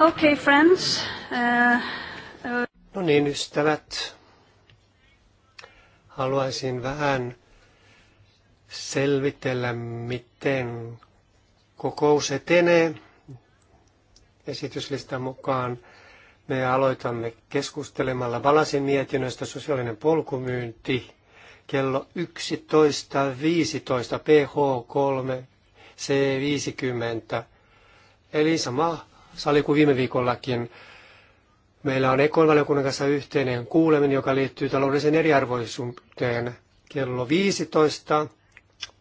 Okay, friends. Uh, uh... No niin, ystävät. Haluaisin vähän selvitellä, miten kokous etenee. Esityslistan mukaan me aloitamme keskustelemalla Valasin mietinnöstä sosiaalinen polkumyynti kello 11.15 PH3 C50. Eli sama sali kuin viime viikollakin. Meillä on ekonvaliokunnan kanssa yhteinen kuuleminen, joka liittyy taloudelliseen eriarvoisuuteen. Kello 15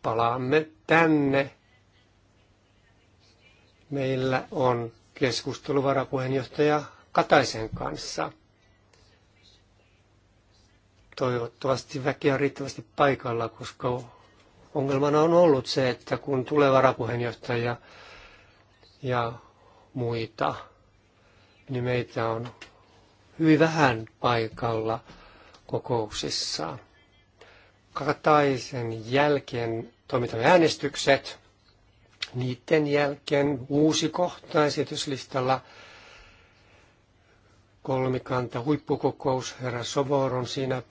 palaamme tänne. Meillä on keskustelu varapuheenjohtaja Kataisen kanssa. Toivottavasti väkeä on riittävästi paikalla, koska ongelmana on ollut se, että kun tulee varapuheenjohtaja ja muita, niin meitä on hyvin vähän paikalla kokouksissa. Kataisen jälkeen toimitamme äänestykset. Niiden jälkeen uusi kohta esityslistalla kolmikanta huippukokous, herra Sobor on siinä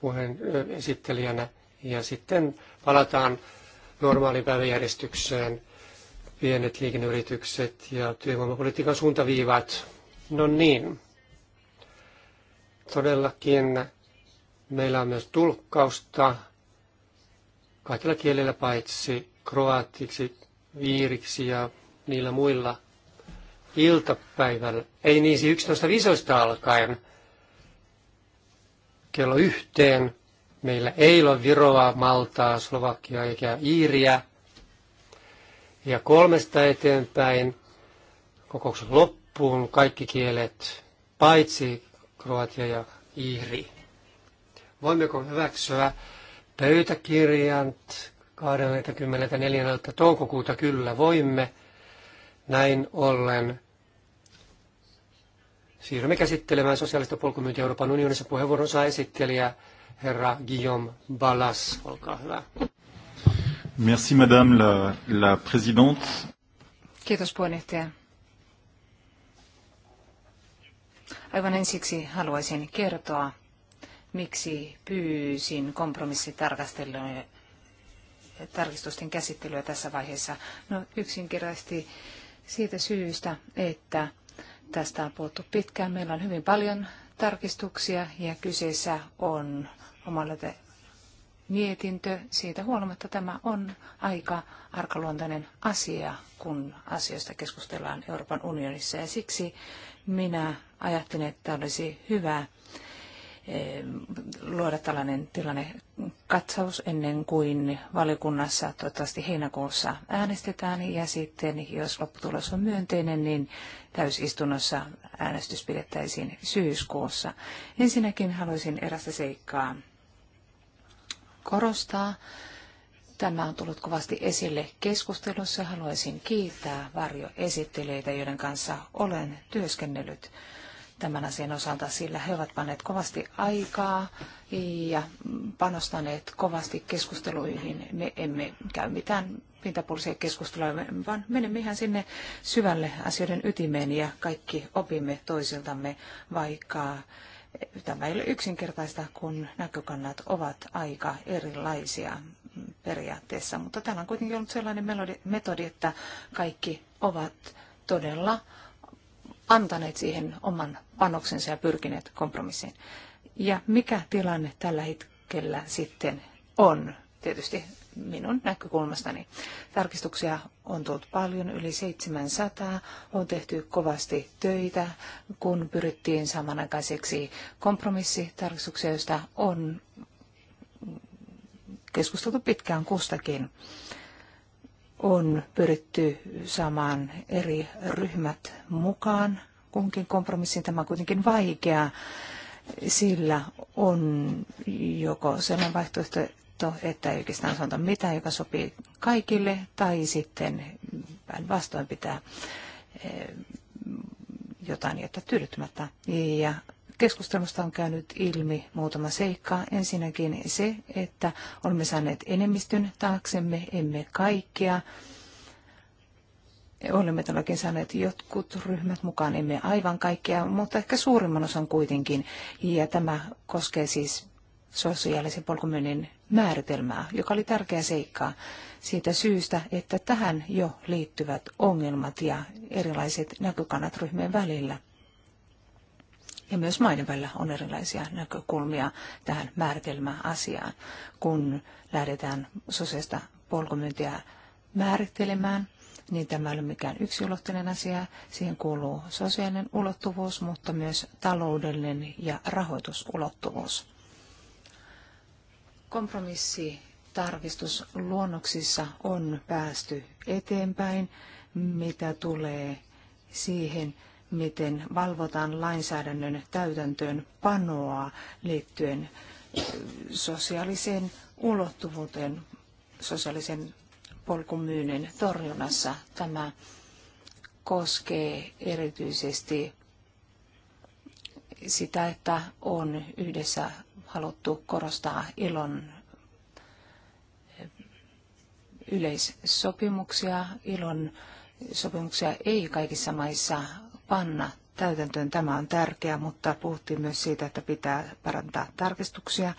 puheen esittelijänä. Ja sitten palataan normaaliin päiväjärjestykseen pienet liikenneyritykset ja työvoimapolitiikan suuntaviivat. No niin, todellakin meillä on myös tulkkausta kaikilla kielillä paitsi kroatiksi, viiriksi ja niillä muilla iltapäivällä. Ei niin, 11.15 siis alkaen kello yhteen. Meillä ei ole Viroa, Maltaa, Slovakiaa eikä Iiriä ja kolmesta eteenpäin kokouksen loppuun kaikki kielet, paitsi kroatia ja iiri. Voimmeko hyväksyä pöytäkirjan 24. toukokuuta? Kyllä voimme. Näin ollen siirrymme käsittelemään sosiaalista polkumyyntiä Euroopan unionissa. Puheenvuoron saa esittelijä herra Guillaume Balas. Olkaa hyvä. Merci madame la, la présidente. Kiitos puheenjohtaja. Aivan ensiksi haluaisin kertoa, miksi pyysin kompromissitarkastelun tarkistusten käsittelyä tässä vaiheessa? No yksinkertaisesti siitä syystä, että tästä on puhuttu pitkään. Meillä on hyvin paljon tarkistuksia ja kyseessä on omalla mietintö. Siitä huolimatta tämä on aika arkaluontainen asia, kun asioista keskustellaan Euroopan unionissa. Ja siksi minä ajattelin, että olisi hyvä eh, luoda tällainen tilanne katsaus ennen kuin valiokunnassa toivottavasti heinäkuussa äänestetään ja sitten jos lopputulos on myönteinen, niin täysistunnossa äänestys pidettäisiin syyskuussa. Ensinnäkin haluaisin erästä seikkaa korostaa. Tämä on tullut kovasti esille keskustelussa. Haluaisin kiittää varjoesittelijöitä, joiden kanssa olen työskennellyt tämän asian osalta, sillä he ovat panneet kovasti aikaa ja panostaneet kovasti keskusteluihin. Me emme käy mitään pintapuolisia keskusteluja, vaan menemme ihan sinne syvälle asioiden ytimeen ja kaikki opimme toisiltamme, vaikka Tämä ei ole yksinkertaista, kun näkökannat ovat aika erilaisia periaatteessa, mutta täällä on kuitenkin ollut sellainen metodi, että kaikki ovat todella antaneet siihen oman panoksensa ja pyrkineet kompromissiin. Ja mikä tilanne tällä hetkellä sitten on? Tietysti minun näkökulmastani. Tarkistuksia on tullut paljon, yli 700. On tehty kovasti töitä, kun pyrittiin samanaikaiseksi kompromissitarkistuksia, joista on keskusteltu pitkään kustakin. On pyritty saamaan eri ryhmät mukaan kunkin kompromissiin. Tämä on kuitenkin vaikea sillä on joko sellainen vaihtoehto, vaihtoehto, että ei oikeastaan sanota mitään, joka sopii kaikille, tai sitten päinvastoin pitää eh, jotain jättää tyydyttämättä. Ja keskustelusta on käynyt ilmi muutama seikka. Ensinnäkin se, että olemme saaneet enemmistön taaksemme, emme kaikkia. Olemme todellakin saaneet jotkut ryhmät mukaan, emme aivan kaikkia, mutta ehkä suurimman osan kuitenkin. Ja tämä koskee siis sosiaalisen polkumyynnin määritelmää, joka oli tärkeä seikka siitä syystä, että tähän jo liittyvät ongelmat ja erilaiset näkökannat ryhmien välillä. Ja myös maiden välillä on erilaisia näkökulmia tähän määritelmäasiaan, kun lähdetään sosiaalista polkumyyntiä määrittelemään niin tämä ei ole mikään yksiulotteinen asia. Siihen kuuluu sosiaalinen ulottuvuus, mutta myös taloudellinen ja rahoitusulottuvuus. Kompromissi on päästy eteenpäin, mitä tulee siihen, miten valvotaan lainsäädännön täytäntöön panoa liittyen sosiaaliseen ulottuvuuteen, sosiaalisen polkumyynnin torjunnassa. Tämä koskee erityisesti sitä, että on yhdessä haluttu korostaa ilon eh, yleissopimuksia. Ilon sopimuksia ei kaikissa maissa panna täytäntöön. Tämä on tärkeää, mutta puhuttiin myös siitä, että pitää parantaa tarkistuksia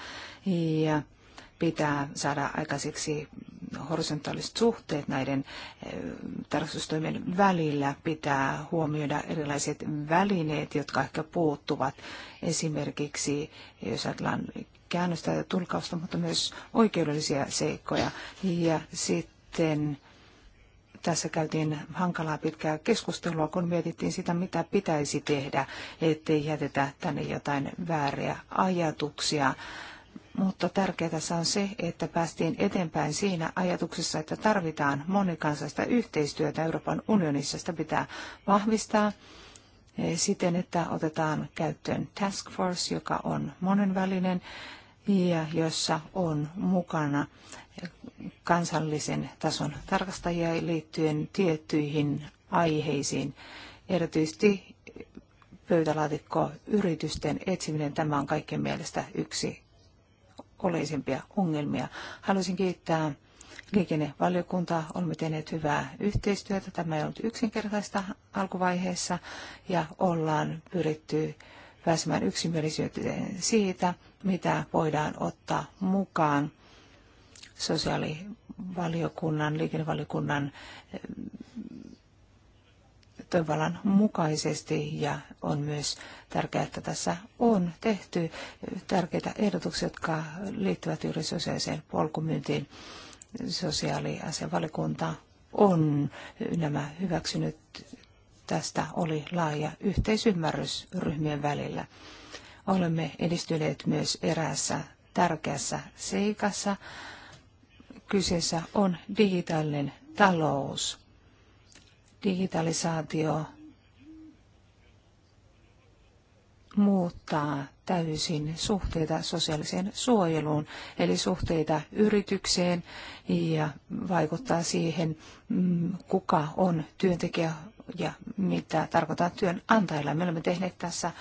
ja pitää saada aikaiseksi horisontaaliset suhteet näiden eh, tarkastustoimien välillä. Pitää huomioida erilaiset välineet, jotka ehkä puuttuvat. Esimerkiksi, jos ajatellaan käännöstä ja tulkausta, mutta myös oikeudellisia seikkoja. Ja sitten tässä käytiin hankalaa pitkää keskustelua, kun mietittiin sitä, mitä pitäisi tehdä, ettei jätetä tänne jotain vääriä ajatuksia mutta tärkeää tässä on se, että päästiin eteenpäin siinä ajatuksessa, että tarvitaan monikansaista yhteistyötä Euroopan unionissa. Sitä pitää vahvistaa eh, siten, että otetaan käyttöön task force, joka on monenvälinen ja jossa on mukana kansallisen tason tarkastajia liittyen tiettyihin aiheisiin. Erityisesti pöytälaatikko yritysten etsiminen, tämä on kaikkien mielestä yksi oleisimpia ongelmia. Haluaisin kiittää liikennevaliokuntaa. Olemme tehneet hyvää yhteistyötä. Tämä ei ollut yksinkertaista alkuvaiheessa ja ollaan pyritty pääsemään yksimielisyyteen siitä, mitä voidaan ottaa mukaan sosiaalivaliokunnan, liikennevaliokunnan toimivallan mukaisesti ja on myös tärkeää, että tässä on tehty tärkeitä ehdotuksia, jotka liittyvät juuri sosiaaliseen polkumyyntiin. Sosiaaliasianvalikunta on nämä hyväksynyt. Tästä oli laaja yhteisymmärrys ryhmien välillä. Olemme edistyneet myös eräässä tärkeässä seikassa. Kyseessä on digitaalinen talous Digitalisaatio muuttaa täysin suhteita sosiaaliseen suojeluun, eli suhteita yritykseen ja vaikuttaa siihen, mm, kuka on työntekijä ja mitä tarkoittaa työnantajilla. Me olemme tehneet tässä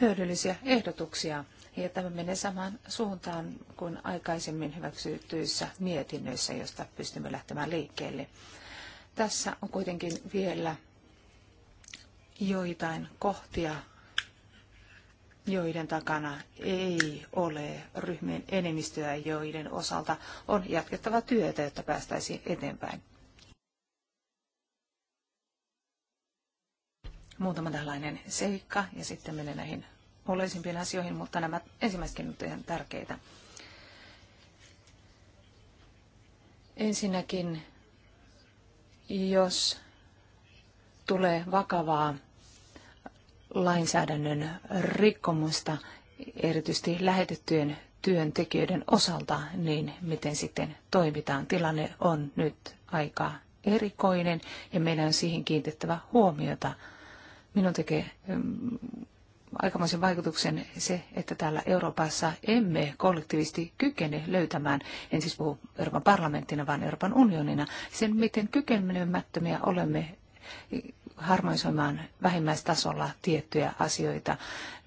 hyödyllisiä ehdotuksia ja tämä menee samaan suuntaan kuin aikaisemmin hyväksytyissä mietinnöissä, josta pystymme lähtemään liikkeelle. Tässä on kuitenkin vielä joitain kohtia, joiden takana ei ole ryhmien enemmistöä, joiden osalta on jatkettava työtä, jotta päästäisiin eteenpäin. Muutama tällainen seikka ja sitten menen näihin oleellisimpiin asioihin, mutta nämä ensimmäisetkin ovat ihan tärkeitä. Ensinnäkin jos tulee vakavaa lainsäädännön rikkomusta, erityisesti lähetettyjen työntekijöiden osalta, niin miten sitten toimitaan. Tilanne on nyt aika erikoinen ja meidän on siihen kiinnitettävä huomiota. Minun tekee mm, aikamoisen vaikutuksen se, että täällä Euroopassa emme kollektiivisesti kykene löytämään, en siis puhu Euroopan parlamenttina, vaan Euroopan unionina, sen miten kykenemättömiä olemme harmonisoimaan vähimmäistasolla tiettyjä asioita.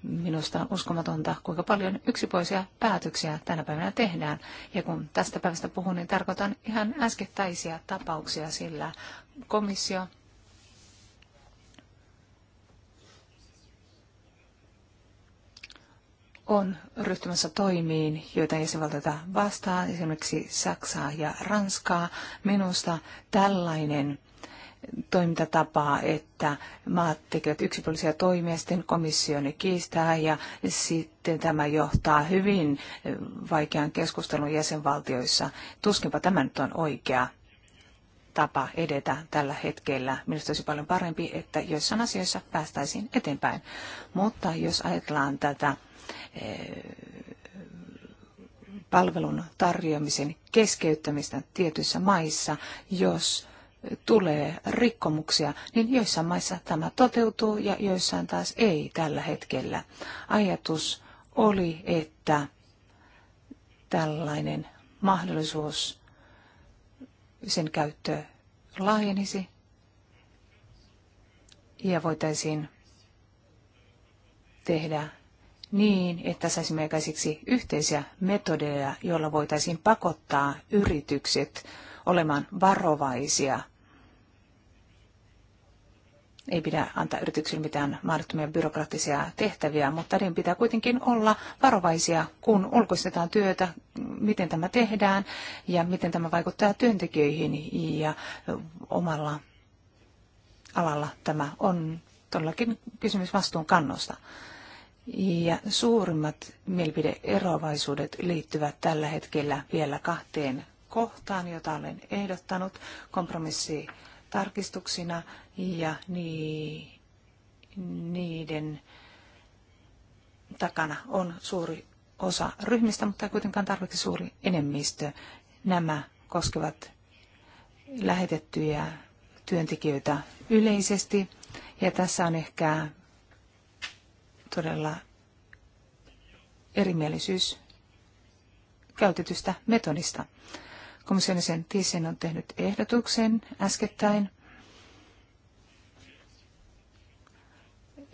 Minusta on uskomatonta, kuinka paljon yksipuolisia päätöksiä tänä päivänä tehdään. Ja kun tästä päivästä puhun, niin tarkoitan ihan äskettäisiä tapauksia, sillä komissio on ryhtymässä toimiin, joita jäsenvaltioita vastaan, esimerkiksi Saksaa ja Ranskaa. Minusta tällainen toimintatapa, että maat tekevät yksipuolisia toimia, sitten komissio ne kiistää ja sitten tämä johtaa hyvin vaikean keskustelun jäsenvaltioissa. Tuskinpa tämä nyt on oikea tapa edetä tällä hetkellä. Minusta olisi paljon parempi, että joissain asioissa päästäisiin eteenpäin. Mutta jos ajatellaan tätä Eh, palvelun tarjoamisen keskeyttämistä tietyissä maissa, jos tulee rikkomuksia, niin joissain maissa tämä toteutuu ja joissain taas ei tällä hetkellä. Ajatus oli, että tällainen mahdollisuus, sen käyttö laajenisi ja voitaisiin tehdä niin, että saisimme aikaiseksi yhteisiä metodeja, joilla voitaisiin pakottaa yritykset olemaan varovaisia. Ei pidä antaa yrityksille mitään mahdottomia byrokraattisia tehtäviä, mutta niiden pitää kuitenkin olla varovaisia, kun ulkoistetaan työtä, miten tämä tehdään ja miten tämä vaikuttaa työntekijöihin ja omalla alalla tämä on todellakin kysymys vastuun kannosta. Ja suurimmat mielipideeroavaisuudet liittyvät tällä hetkellä vielä kahteen kohtaan, jota olen ehdottanut kompromissitarkistuksina ja niiden takana on suuri osa ryhmistä, mutta ei kuitenkaan tarvitse suuri enemmistö. Nämä koskevat lähetettyjä työntekijöitä yleisesti. Ja tässä on ehkä todella erimielisyys käytetystä metodista. Komissionisen Tissin on tehnyt ehdotuksen äskettäin.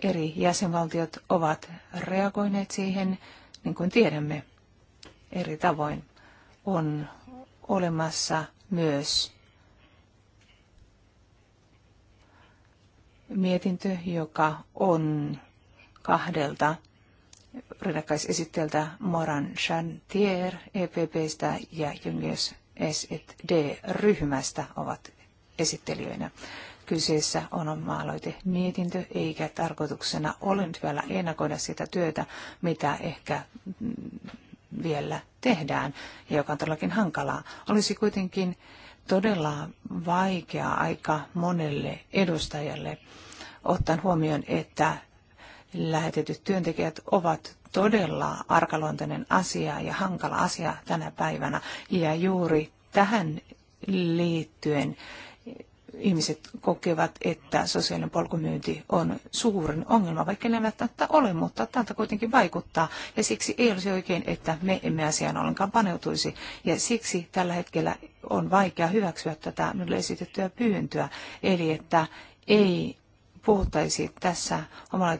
Eri jäsenvaltiot ovat reagoineet siihen, niin kuin tiedämme, eri tavoin. On olemassa myös mietintö, joka on kahdelta rinnakkaisesittäjältä Moran Chantier EPPstä ja Jungius SD-ryhmästä ovat esittelijöinä. Kyseessä on oma mietintö, eikä tarkoituksena ole nyt vielä ennakoida sitä työtä, mitä ehkä mm, vielä tehdään, joka on todellakin hankalaa. Olisi kuitenkin todella vaikea aika monelle edustajalle, ottaen huomioon, että lähetetyt työntekijät ovat todella arkaluontoinen asia ja hankala asia tänä päivänä. Ja juuri tähän liittyen ihmiset kokevat, että sosiaalinen polkumyynti on suurin ongelma, vaikka ne välttämättä ole, mutta tältä kuitenkin vaikuttaa. Ja siksi ei olisi oikein, että me emme asiaan ollenkaan paneutuisi. Ja siksi tällä hetkellä on vaikea hyväksyä tätä minulle esitettyä pyyntöä, eli että ei puhuttaisi tässä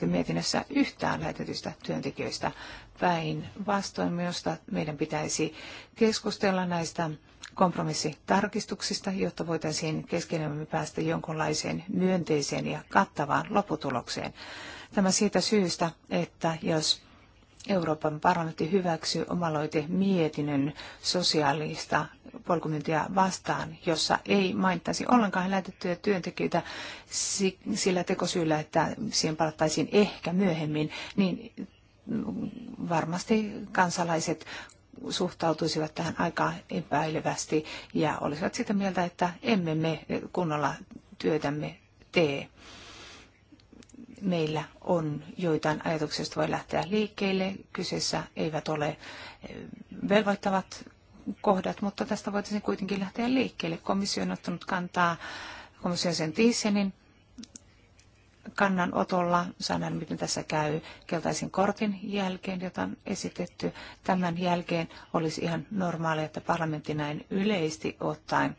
mietinnössä yhtään lähetetystä työntekijöistä. Päinvastoin minusta meidän pitäisi keskustella näistä kompromissitarkistuksista, jotta voitaisiin keskenämme päästä jonkunlaiseen myönteiseen ja kattavaan lopputulokseen. Tämä siitä syystä, että jos Euroopan parlamentti hyväksyi omaloite mietinnön sosiaalista polkumyyntiä vastaan, jossa ei mainittaisi ollenkaan lähetettyjä työntekijöitä sillä tekosyyllä, että siihen palattaisiin ehkä myöhemmin, niin varmasti kansalaiset suhtautuisivat tähän aika epäilevästi ja olisivat sitä mieltä, että emme me kunnolla työtämme tee meillä on joitain ajatuksia, joista voi lähteä liikkeelle. Kyseessä eivät ole eh, velvoittavat kohdat, mutta tästä voitaisiin kuitenkin lähteä liikkeelle. Komissio on ottanut kantaa komission sen Thyssenin kannanotolla, sanan miten tässä käy, keltaisen kortin jälkeen, jota on esitetty. Tämän jälkeen olisi ihan normaalia, että parlamentti näin yleisesti ottaen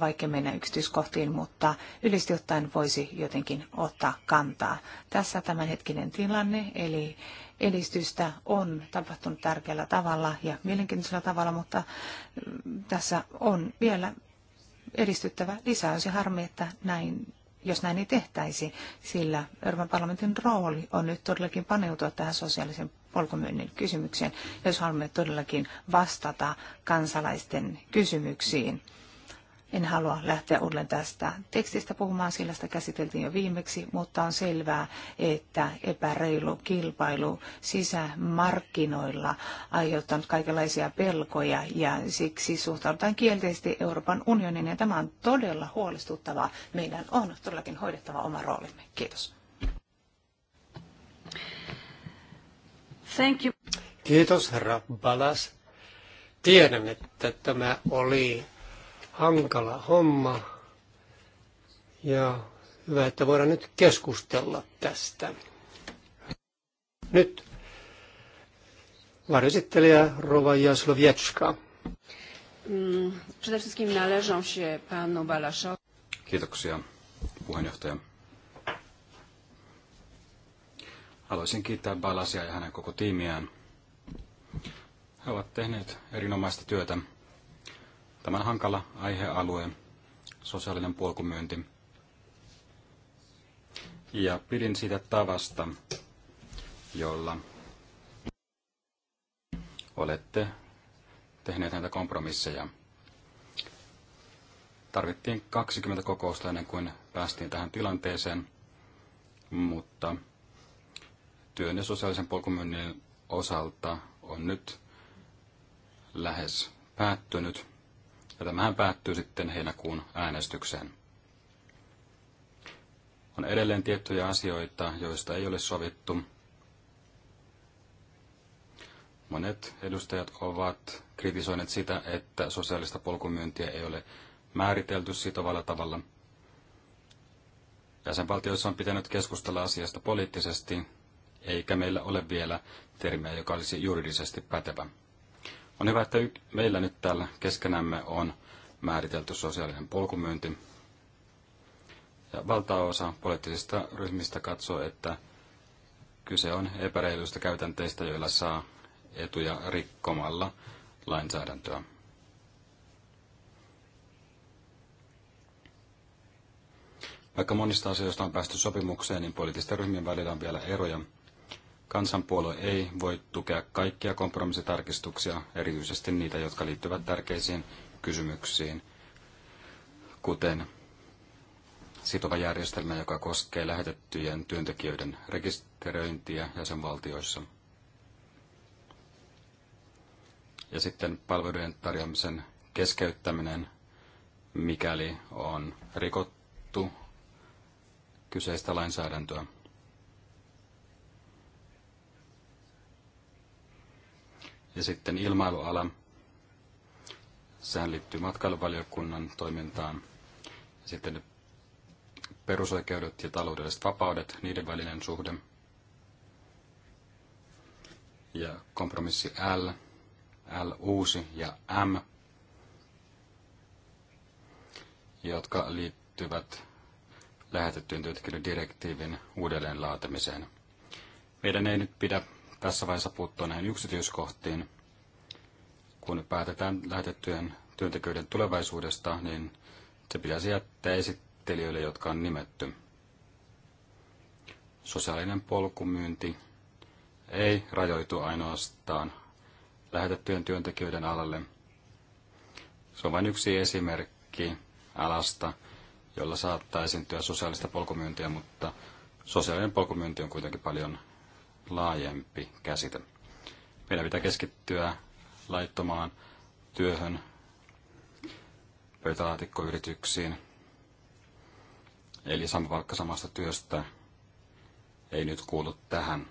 vaikka mennä yksityiskohtiin, mutta yleisesti ottaen voisi jotenkin ottaa kantaa. Tässä tämänhetkinen tilanne, eli edistystä on tapahtunut tärkeällä tavalla ja mielenkiintoisella tavalla, mutta mm, tässä on vielä edistyttävä lisää. Olisi harmi, että näin jos näin ei tehtäisi, sillä Euroopan parlamentin rooli on nyt todellakin paneutua tähän sosiaalisen polkumyynnin kysymykseen, jos haluamme todellakin vastata kansalaisten kysymyksiin en halua lähteä uudelleen tästä tekstistä puhumaan, sillä sitä käsiteltiin jo viimeksi, mutta on selvää, että epäreilu kilpailu sisämarkkinoilla aiheuttanut kaikenlaisia pelkoja ja siksi suhtaudutaan kielteisesti Euroopan unionin ja tämä on todella huolestuttavaa. Meidän on todellakin hoidettava oma roolimme. Kiitos. Thank you. Kiitos herra Balas. Tiedän, että tämä oli hankala homma. Ja hyvä, että voidaan nyt keskustella tästä. Nyt varjoesittelijä Rova Jaslowiecka. Mm, Kiitoksia, puheenjohtaja. Haluaisin kiittää Balasia ja hänen koko tiimiään. He ovat tehneet erinomaista työtä Tämän hankala aihealue, sosiaalinen polkumyynti. Ja pidin siitä tavasta, jolla olette tehneet näitä kompromisseja. Tarvittiin 20 kokousta ennen kuin päästiin tähän tilanteeseen, mutta työn ja sosiaalisen polkumyynnin osalta on nyt lähes päättynyt ja tämähän päättyy sitten heinäkuun äänestykseen. On edelleen tiettyjä asioita, joista ei ole sovittu. Monet edustajat ovat kritisoineet sitä, että sosiaalista polkumyyntiä ei ole määritelty sitovalla tavalla. Jäsenvaltioissa on pitänyt keskustella asiasta poliittisesti, eikä meillä ole vielä termiä, joka olisi juridisesti pätevä. On hyvä, että meillä nyt täällä keskenämme on määritelty sosiaalinen polkumyynti. Ja valtaosa poliittisista ryhmistä katsoo, että kyse on epäreiluista käytänteistä, joilla saa etuja rikkomalla lainsäädäntöä. Vaikka monista asioista on päästy sopimukseen, niin poliittisten ryhmien välillä on vielä eroja, Kansanpuolue ei voi tukea kaikkia kompromissitarkistuksia, erityisesti niitä, jotka liittyvät tärkeisiin kysymyksiin, kuten sitova järjestelmä, joka koskee lähetettyjen työntekijöiden rekisteröintiä jäsenvaltioissa. Ja sitten palvelujen tarjoamisen keskeyttäminen, mikäli on rikottu kyseistä lainsäädäntöä. Ja sitten ilmailuala. Sehän liittyy matkailuvaliokunnan toimintaan. Ja sitten perusoikeudet ja taloudelliset vapaudet, niiden välinen suhde. Ja kompromissi L, L uusi ja M, jotka liittyvät lähetettyyn työntekijöiden direktiivin uudelleen laatimiseen. Meidän ei nyt pidä tässä vaiheessa puuttua näihin yksityiskohtiin. Kun päätetään lähetettyjen työntekijöiden tulevaisuudesta, niin se pitäisi jättää esittelijöille, jotka on nimetty. Sosiaalinen polkumyynti ei rajoitu ainoastaan lähetettyjen työntekijöiden alalle. Se on vain yksi esimerkki alasta, jolla saattaa esiintyä sosiaalista polkumyyntiä, mutta sosiaalinen polkumyynti on kuitenkin paljon laajempi käsite. Meidän pitää keskittyä laittomaan työhön, pöytälaatikkoyrityksiin, eli sama palkka samasta työstä ei nyt kuulu tähän.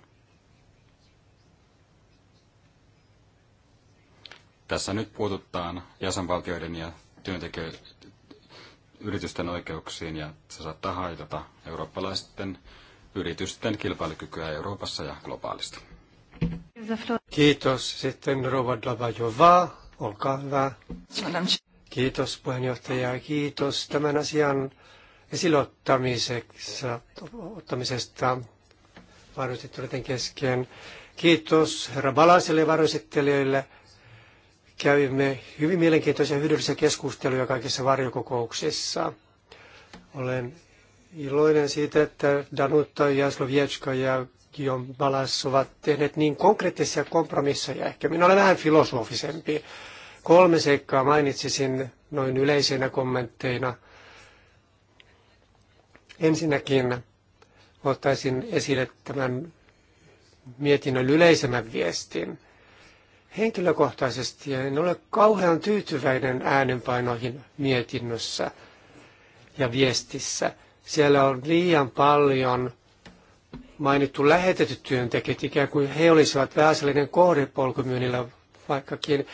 Tässä nyt puututaan jäsenvaltioiden ja työntekijöiden yritysten oikeuksiin ja se saattaa haitata eurooppalaisten yritysten kilpailukykyä Euroopassa ja globaalisti. Kiitos. Sitten Rova Dabajova, olkaa hyvä. Kiitos puheenjohtaja kiitos tämän asian esilottamisesta, ottamisesta varoitettuiden kesken. Kiitos herra Balaselle ja Käymme Kävimme hyvin mielenkiintoisia hyödyllisiä keskusteluja kaikissa varjokokouksissa. Olen iloinen siitä, että Danutta ja Slovietska ja Guillaume Balas ovat tehneet niin konkreettisia kompromisseja. Ehkä minä olen vähän filosofisempi. Kolme seikkaa mainitsisin noin yleisinä kommentteina. Ensinnäkin ottaisin esille tämän mietinnön yleisemmän viestin. Henkilökohtaisesti en ole kauhean tyytyväinen äänenpainoihin mietinnössä ja viestissä – siellä on liian paljon mainittu lähetetyt työntekijät, ikään kuin he olisivat pääasiallinen kohde polkumyynnillä, vaikkakin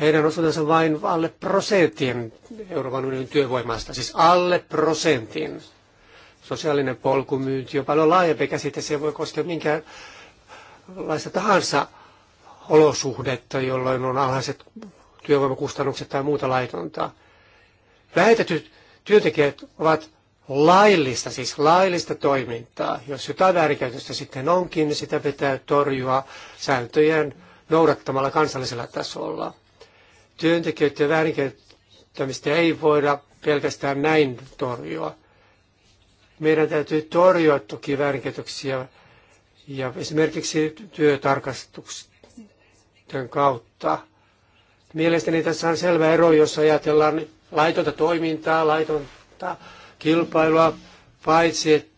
heidän osuutensa vain alle prosentin Euroopan unionin työvoimasta, siis alle prosentin. Sosiaalinen polkumyynti on paljon laajempi käsite, se voi koskea minkäänlaista tahansa olosuhdetta, jolloin on alhaiset työvoimakustannukset tai muuta laitonta. Lähetetyt työntekijät ovat laillista, siis laillista toimintaa. Jos jotain väärinkäytöstä sitten onkin, niin sitä pitää torjua sääntöjen noudattamalla kansallisella tasolla. Työntekijöiden väärinkäyttämistä ei voida pelkästään näin torjua. Meidän täytyy torjua toki väärinkäytöksiä ja esimerkiksi työtarkastuksen kautta. Mielestäni tässä on selvä ero, jos ajatellaan laitonta toimintaa, laitonta kilpailua, paitsi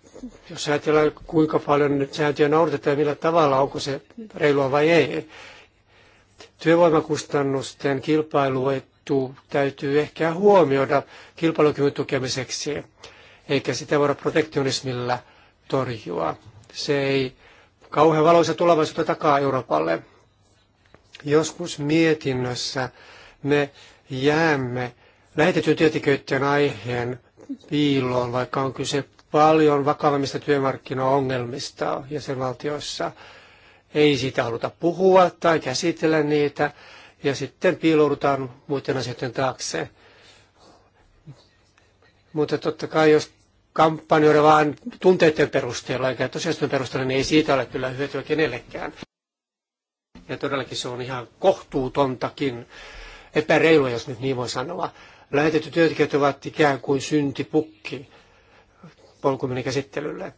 jos ajatellaan kuinka paljon nyt sääntöjä noudatetaan ja millä tavalla, onko se reilua vai ei. Työvoimakustannusten kilpailuetu täytyy ehkä huomioida kilpailukyvyn tukemiseksi, eikä sitä voida protektionismilla torjua. Se ei kauhean valoisa tulevaisuutta takaa Euroopalle. Joskus mietinnössä me jäämme lähetetyn työntekijöiden aiheen piiloon, vaikka on kyse paljon vakavammista työmarkkinaongelmista jäsenvaltioissa. Ei siitä haluta puhua tai käsitellä niitä, ja sitten piiloudutaan muiden asioiden taakse. Mutta totta kai, jos kampanjoida vain tunteiden perusteella eikä tosiasioiden perusteella, niin ei siitä ole kyllä hyötyä kenellekään. Ja todellakin se on ihan kohtuutontakin epäreilua, jos nyt niin voi sanoa. Lähetetyt työntekijät ovat ikään kuin syntipukki polkuminen käsittelylle.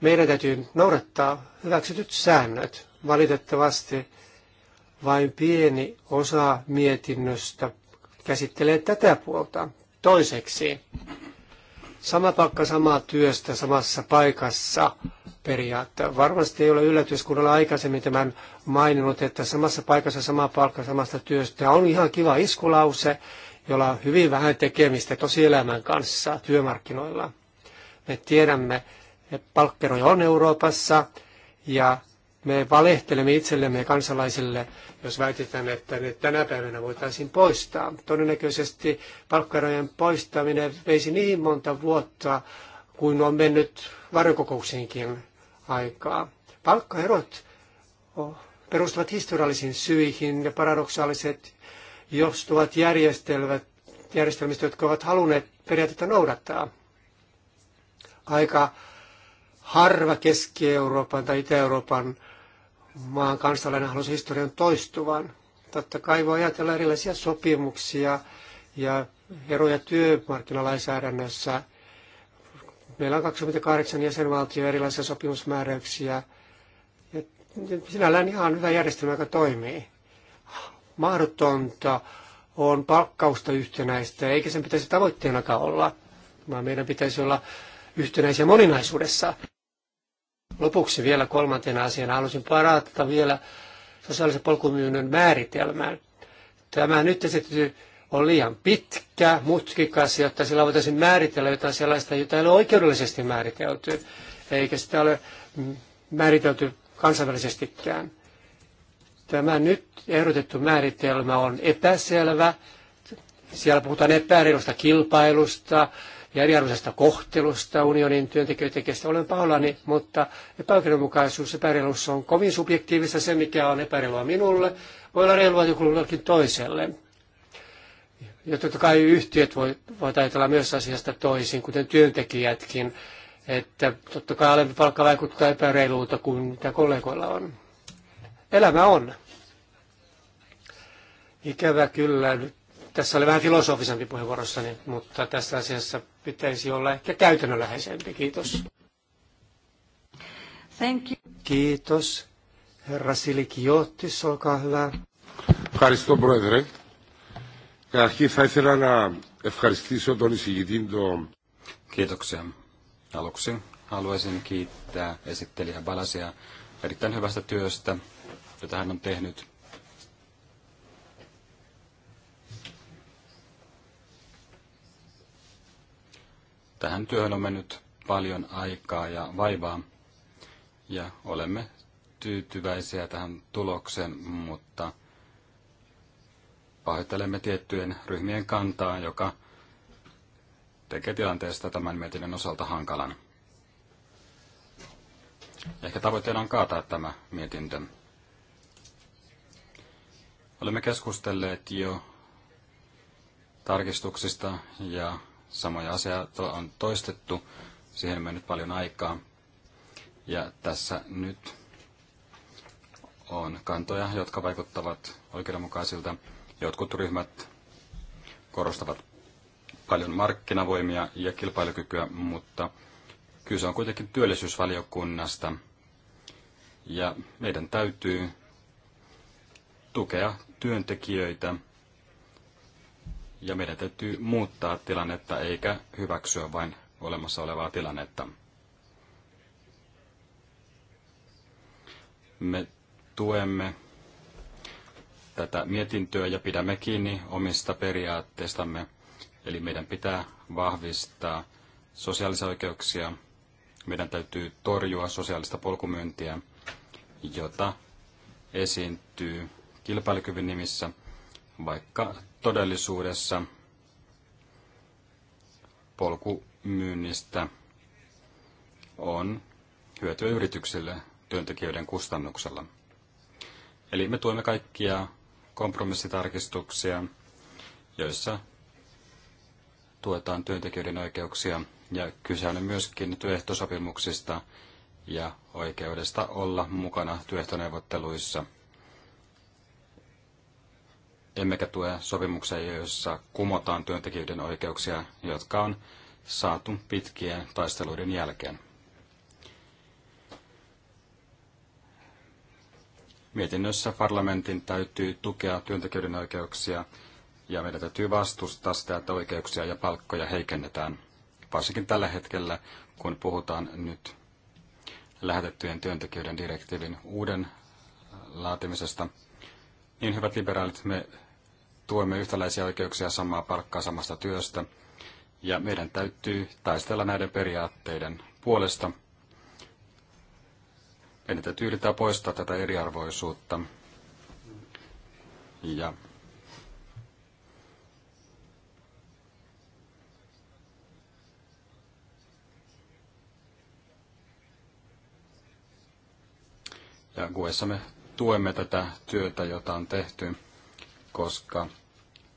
Meidän täytyy noudattaa hyväksytyt säännöt. Valitettavasti vain pieni osa mietinnöstä käsittelee tätä puolta. Toiseksi, sama pakka samaa työstä samassa paikassa periaatte. Varmasti ei ole yllätys, kun olen aikaisemmin tämän maininnut, että samassa paikassa sama palkka samasta työstä on ihan kiva iskulause, jolla on hyvin vähän tekemistä tosielämän kanssa työmarkkinoilla. Me tiedämme, että palkkeroja on Euroopassa ja me valehtelemme itsellemme ja kansalaisille, jos väitetään, että ne tänä päivänä voitaisiin poistaa. Todennäköisesti palkkarojen poistaminen veisi niin monta vuotta, kuin on mennyt varjokokouksiinkin aikaa. Palkkaerot perustuvat historiallisiin syihin ja paradoksaaliset johtuvat järjestelmät, järjestelmistä, jotka ovat halunneet periaatetta noudattaa. Aika harva Keski-Euroopan tai Itä-Euroopan maan kansalainen halusi historian toistuvan. Totta kai voi ajatella erilaisia sopimuksia ja eroja työmarkkinalainsäädännössä. Meillä on 28 jäsenvaltio erilaisia sopimusmääräyksiä. Ja sinällään ihan hyvä järjestelmä, joka toimii mahdotonta on palkkausta yhtenäistä, eikä sen pitäisi tavoitteenakaan olla, vaan meidän pitäisi olla yhtenäisiä moninaisuudessa. Lopuksi vielä kolmantena asiana haluaisin parata vielä sosiaalisen polkumyynnön määritelmään. Tämä nyt esitetty on liian pitkä, mutkikas, jotta sillä voitaisiin määritellä jotain sellaista, jota ei ole oikeudellisesti määritelty, eikä sitä ole määritelty kansainvälisestikään. Tämä nyt ehdotettu määritelmä on epäselvä. Siellä puhutaan epäreilusta kilpailusta, ja eriarvoisesta kohtelusta unionin työntekijöiden kesken. Olen pahoillani, mutta epäoikeudenmukaisuus, epäreiluus on kovin subjektiivista. Se, mikä on epäreilua minulle, voi olla reilua jollekin toiselle. Ja totta kai yhtiöt voi, voi ajatella myös asiasta toisin, kuten työntekijätkin. Että totta kai alempi palkka vaikuttaa epäreiluuta kuin mitä kollegoilla on elämä on. Ikävä kyllä, nyt tässä oli vähän filosofisempi puheenvuorossani, niin, mutta tässä asiassa pitäisi olla ehkä käytännönläheisempi. Kiitos. Thank you. Kiitos. Herra Silikiottis, olkaa hyvä. Ευχαριστώ, Πρόεδρε. Καταρχήν θα ήθελα να ευχαριστήσω τον εισηγητή τον... Kiitoksia. Aluksi haluaisin kiittää esittelijä Balasia erittäin hyvästä työstä jota hän on tehnyt. Tähän työhön on mennyt paljon aikaa ja vaivaa ja olemme tyytyväisiä tähän tulokseen, mutta pahoittelemme tiettyjen ryhmien kantaa, joka tekee tilanteesta tämän mietinnön osalta hankalan. Ehkä tavoitteena on kaataa tämä mietintö. Olemme keskustelleet jo tarkistuksista ja samoja asioita on toistettu. Siihen on mennyt paljon aikaa. Ja tässä nyt on kantoja, jotka vaikuttavat oikeudenmukaisilta. Jotkut ryhmät korostavat paljon markkinavoimia ja kilpailukykyä, mutta kyse on kuitenkin työllisyysvaliokunnasta. Ja meidän täytyy tukea työntekijöitä ja meidän täytyy muuttaa tilannetta eikä hyväksyä vain olemassa olevaa tilannetta. Me tuemme tätä mietintöä ja pidämme kiinni omista periaatteistamme. Eli meidän pitää vahvistaa sosiaalisia oikeuksia, meidän täytyy torjua sosiaalista polkumyyntiä, jota esiintyy kilpailukyvyn nimissä, vaikka todellisuudessa polkumyynnistä on hyötyä yrityksille työntekijöiden kustannuksella. Eli me tuemme kaikkia kompromissitarkistuksia, joissa tuetaan työntekijöiden oikeuksia ja kyse on myöskin työehtosopimuksista ja oikeudesta olla mukana työehtoneuvotteluissa – emmekä tue sopimuksia, joissa kumotaan työntekijöiden oikeuksia, jotka on saatu pitkien taisteluiden jälkeen. Mietinnössä parlamentin täytyy tukea työntekijöiden oikeuksia ja meidän täytyy vastustaa sitä, että oikeuksia ja palkkoja heikennetään, varsinkin tällä hetkellä, kun puhutaan nyt lähetettyjen työntekijöiden direktiivin uuden laatimisesta – niin hyvät liberaalit, me tuemme yhtäläisiä oikeuksia samaa palkkaa samasta työstä, ja meidän täytyy taistella näiden periaatteiden puolesta. Meidän täytyy yrittää poistaa tätä eriarvoisuutta. Ja ja me tuemme tätä työtä, jota on tehty, koska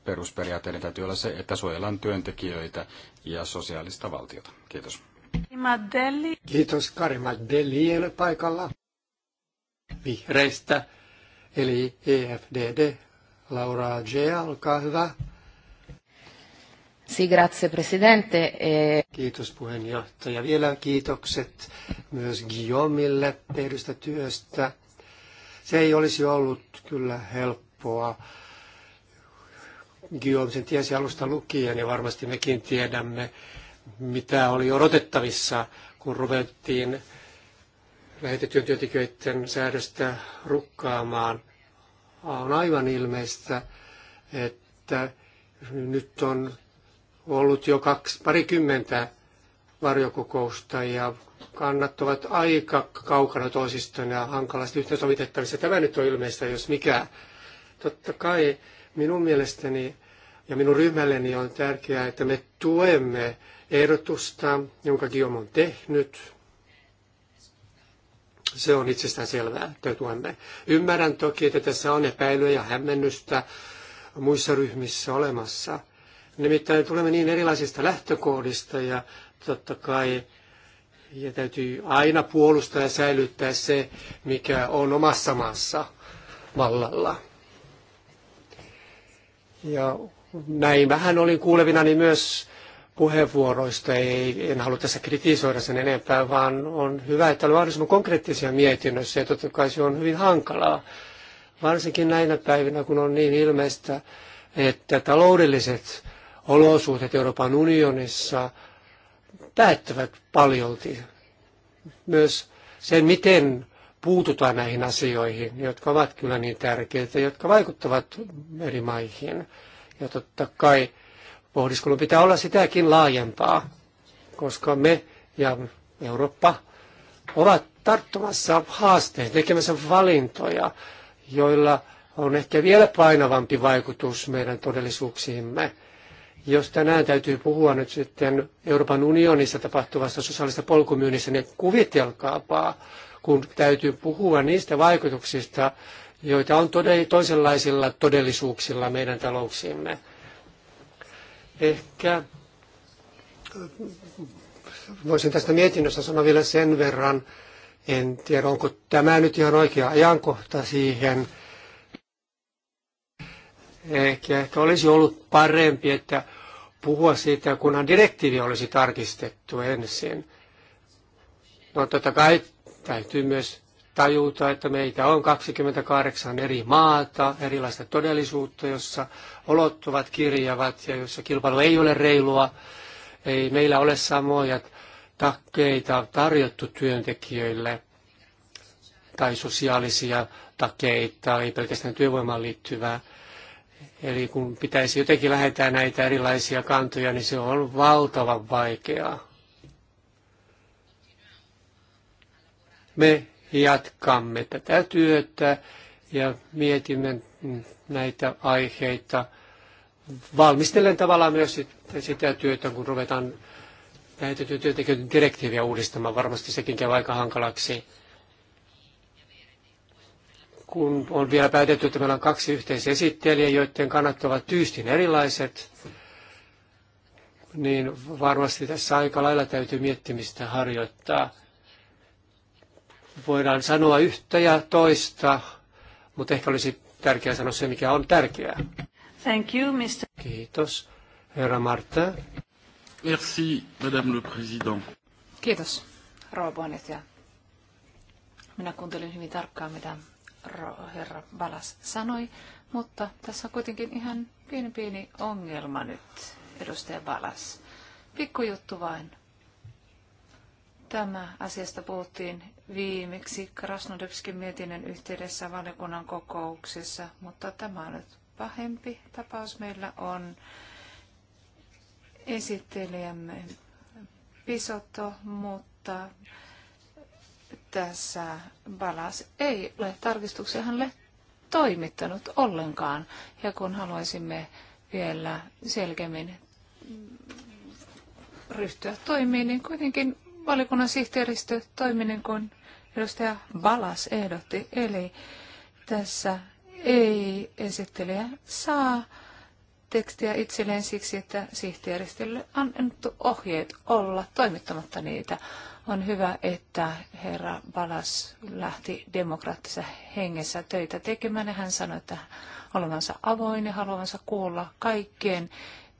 perusperiaatteiden täytyy olla se, että suojellaan työntekijöitä ja sosiaalista valtiota. Kiitos. Kiitos. Kari Madeli paikalla vihreistä, eli EFDD. Laura G. olkaa hyvä. Si, grazie, presidente. E- Kiitos puheenjohtaja. Vielä kiitokset myös Guillaumeille tehdystä työstä. Se ei olisi ollut kyllä helppoa. Guillaume sen tiesi alusta lukien ja varmasti mekin tiedämme, mitä oli odotettavissa, kun ruvettiin lähetettyjen työntekijöiden säädöstä rukkaamaan. On aivan ilmeistä, että nyt on ollut jo kaksi, parikymmentä varjokokousta ja kannat ovat aika kaukana toisistaan ja hankalasti yhteensovitettavissa. Tämä nyt on ilmeistä, jos mikä. Totta kai minun mielestäni ja minun ryhmälleni on tärkeää, että me tuemme ehdotusta, jonka Guillaume on tehnyt. Se on itsestään selvää, että tuemme. Ymmärrän toki, että tässä on epäilyä ja hämmennystä muissa ryhmissä olemassa. Nimittäin tulemme niin erilaisista lähtökohdista ja Totta kai ja täytyy aina puolustaa ja säilyttää se, mikä on omassa maassa vallalla. Ja näin vähän olin kuulevina niin myös puheenvuoroista. Ei, en halua tässä kritisoida sen enempää, vaan on hyvä, että oli mahdollisimman konkreettisia mietinnössä. Ja totta kai se on hyvin hankalaa, varsinkin näinä päivinä, kun on niin ilmeistä, että taloudelliset olosuhteet Euroopan unionissa – päättävät paljolti myös sen, miten puututaan näihin asioihin, jotka ovat kyllä niin tärkeitä, jotka vaikuttavat eri maihin. Ja totta kai pohdiskelu pitää olla sitäkin laajempaa, koska me ja Eurooppa ovat tarttumassa haasteen, tekemässä valintoja, joilla on ehkä vielä painavampi vaikutus meidän todellisuuksiimme. Jos tänään täytyy puhua nyt sitten Euroopan unionissa tapahtuvasta sosiaalista polkumyynnistä, niin kuvitelkaapa, kun täytyy puhua niistä vaikutuksista, joita on toisenlaisilla todellisuuksilla meidän talouksiimme. Ehkä voisin tästä mietinnöstä sanoa vielä sen verran, en tiedä onko tämä nyt ihan oikea ajankohta siihen, Ehkä, ehkä olisi ollut parempi, että puhua siitä, kunhan direktiivi olisi tarkistettu ensin. No totta kai täytyy myös tajuta, että meitä on 28 eri maata, erilaista todellisuutta, jossa olot ovat kirjavat ja jossa kilpailu ei ole reilua. Ei meillä ole samoja takkeita tarjottu työntekijöille tai sosiaalisia takeita, ei pelkästään työvoimaan liittyvää. Eli kun pitäisi jotenkin lähettää näitä erilaisia kantoja, niin se on valtavan vaikeaa. Me jatkamme tätä työtä ja mietimme näitä aiheita. Valmistelen tavallaan myös sitä työtä, kun ruvetaan näitä työntekijöiden direktiiviä uudistamaan. Varmasti sekin käy aika hankalaksi kun on vielä päätetty, että meillä on kaksi yhteisesittelijää, joiden kannat ovat tyystin erilaiset, niin varmasti tässä aika lailla täytyy miettimistä harjoittaa. Voidaan sanoa yhtä ja toista, mutta ehkä olisi tärkeää sanoa se, mikä on tärkeää. Thank you, Mr. Kiitos, herra Marta. Merci, madame le président. Kiitos, rouva puheenjohtaja. Minä kuuntelin hyvin tarkkaan, mitä herra Balas sanoi, mutta tässä on kuitenkin ihan pieni pieni ongelma nyt, edustaja Balas. Pikku juttu vain. Tämä asiasta puhuttiin viimeksi Krasnodebskin mietinnön yhteydessä valiokunnan kokouksessa, mutta tämä on nyt pahempi tapaus. Meillä on esittelijämme Pisotto, mutta tässä Balas ei ole tarkistuksia hänelle toimittanut ollenkaan. Ja kun haluaisimme vielä selkeämmin ryhtyä toimiin, niin kuitenkin valikunnan sihteeristö toimi niin kuin edustaja Balas ehdotti. Eli tässä ei esittelijä saa tekstiä itselleen siksi, että sihteeristölle on annettu ohjeet olla toimittamatta niitä. On hyvä, että herra Balas lähti demokraattisessa hengessä töitä tekemään. Hän sanoi, että haluavansa avoin ja haluavansa kuulla kaikkien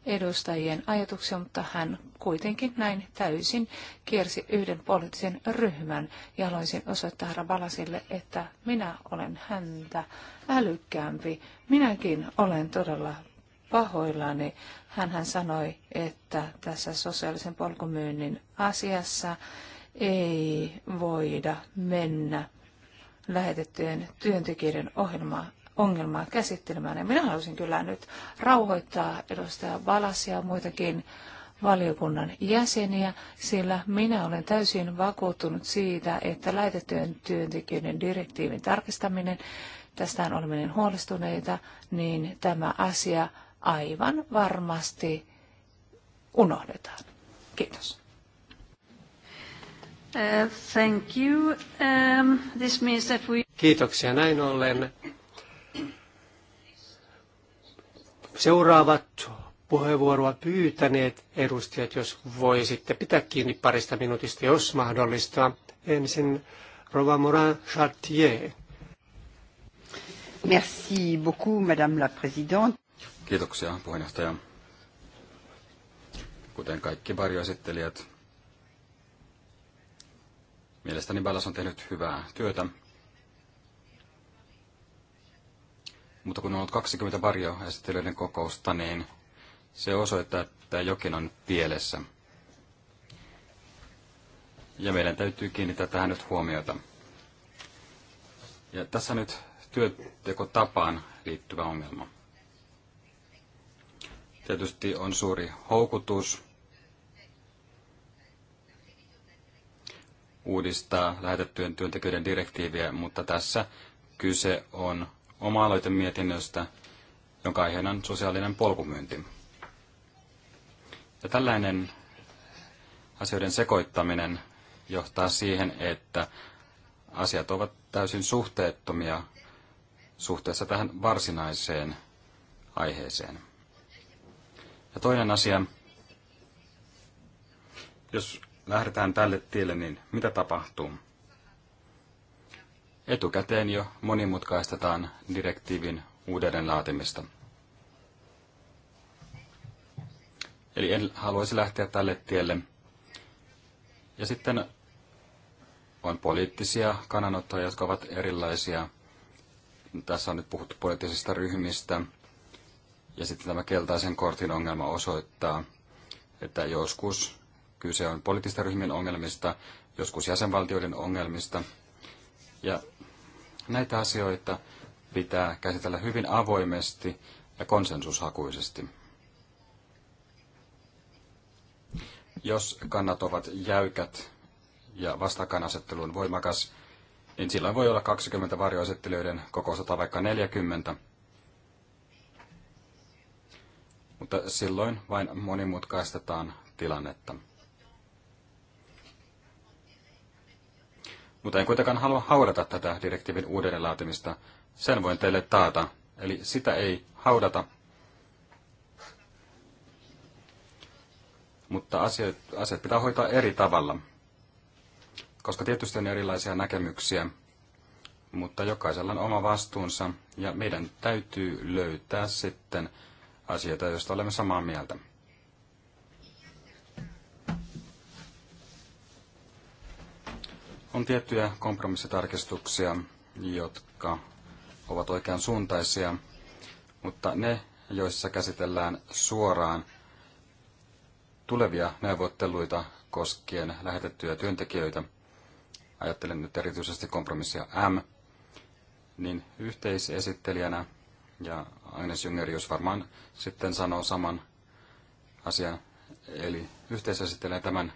edustajien ajatuksia, mutta hän kuitenkin näin täysin kiersi yhden poliittisen ryhmän ja haluaisin osoittaa herra Balasille, että minä olen häntä älykkäämpi. Minäkin olen todella pahoillani. Hän sanoi, että tässä sosiaalisen polkumyynnin asiassa ei voida mennä lähetettyjen työntekijöiden ohjelma ongelmaa käsittelemään. Ja minä haluaisin kyllä nyt rauhoittaa edustaja Balasia ja muitakin valiokunnan jäseniä, sillä minä olen täysin vakuuttunut siitä, että lähetettyjen työntekijöiden direktiivin tarkistaminen, on oleminen niin huolestuneita, niin tämä asia aivan varmasti unohdetaan. Kiitos. Uh, thank you. Um, this means that we... Kiitoksia näin ollen. Seuraavat puheenvuoroa pyytäneet edustajat, jos voisitte pitää kiinni parista minuutista, jos mahdollista. Ensin Rova Morin Chartier. Merci beaucoup, Madame la Présidente. Kiitoksia, puheenjohtaja. Kuten kaikki varjoesittelijät, Mielestäni Ballas on tehnyt hyvää työtä. Mutta kun on ollut 20 varjoesittelyiden kokousta, niin se osoittaa, että jokin on pielessä. Ja meidän täytyy kiinnittää tähän nyt huomiota. Ja tässä nyt työtekotapaan liittyvä ongelma. Tietysti on suuri houkutus uudistaa lähetettyjen työntekijöiden direktiiviä, mutta tässä kyse on oma-aloitemietinnöstä, jonka aiheena on sosiaalinen polkumyynti. Ja tällainen asioiden sekoittaminen johtaa siihen, että asiat ovat täysin suhteettomia suhteessa tähän varsinaiseen aiheeseen. Ja toinen asia, jos lähdetään tälle tielle, niin mitä tapahtuu? Etukäteen jo monimutkaistetaan direktiivin uudelleen laatimista. Eli en haluaisi lähteä tälle tielle. Ja sitten on poliittisia kannanottoja, jotka ovat erilaisia. Tässä on nyt puhuttu poliittisista ryhmistä. Ja sitten tämä keltaisen kortin ongelma osoittaa, että joskus Kyse on poliittisten ryhmien ongelmista, joskus jäsenvaltioiden ongelmista. Ja näitä asioita pitää käsitellä hyvin avoimesti ja konsensushakuisesti. Jos kannat ovat jäykät ja vastakkainasettelu on voimakas, niin silloin voi olla 20 varjoesittelijöiden kokousta tai vaikka 40. Mutta silloin vain monimutkaistetaan tilannetta. Mutta en kuitenkaan halua haudata tätä direktiivin uudelleenlaatimista. laatimista. Sen voin teille taata. Eli sitä ei haudata. Mutta asiat, asiat pitää hoitaa eri tavalla. Koska tietysti on erilaisia näkemyksiä, mutta jokaisella on oma vastuunsa ja meidän täytyy löytää sitten asioita, joista olemme samaa mieltä. On tiettyjä kompromissitarkistuksia, jotka ovat oikean suuntaisia, mutta ne, joissa käsitellään suoraan tulevia neuvotteluita koskien lähetettyjä työntekijöitä, ajattelen nyt erityisesti kompromissia M, niin yhteisesittelijänä ja Agnes Jungerius varmaan sitten sanoo saman asian, eli yhteisesittelijänä tämän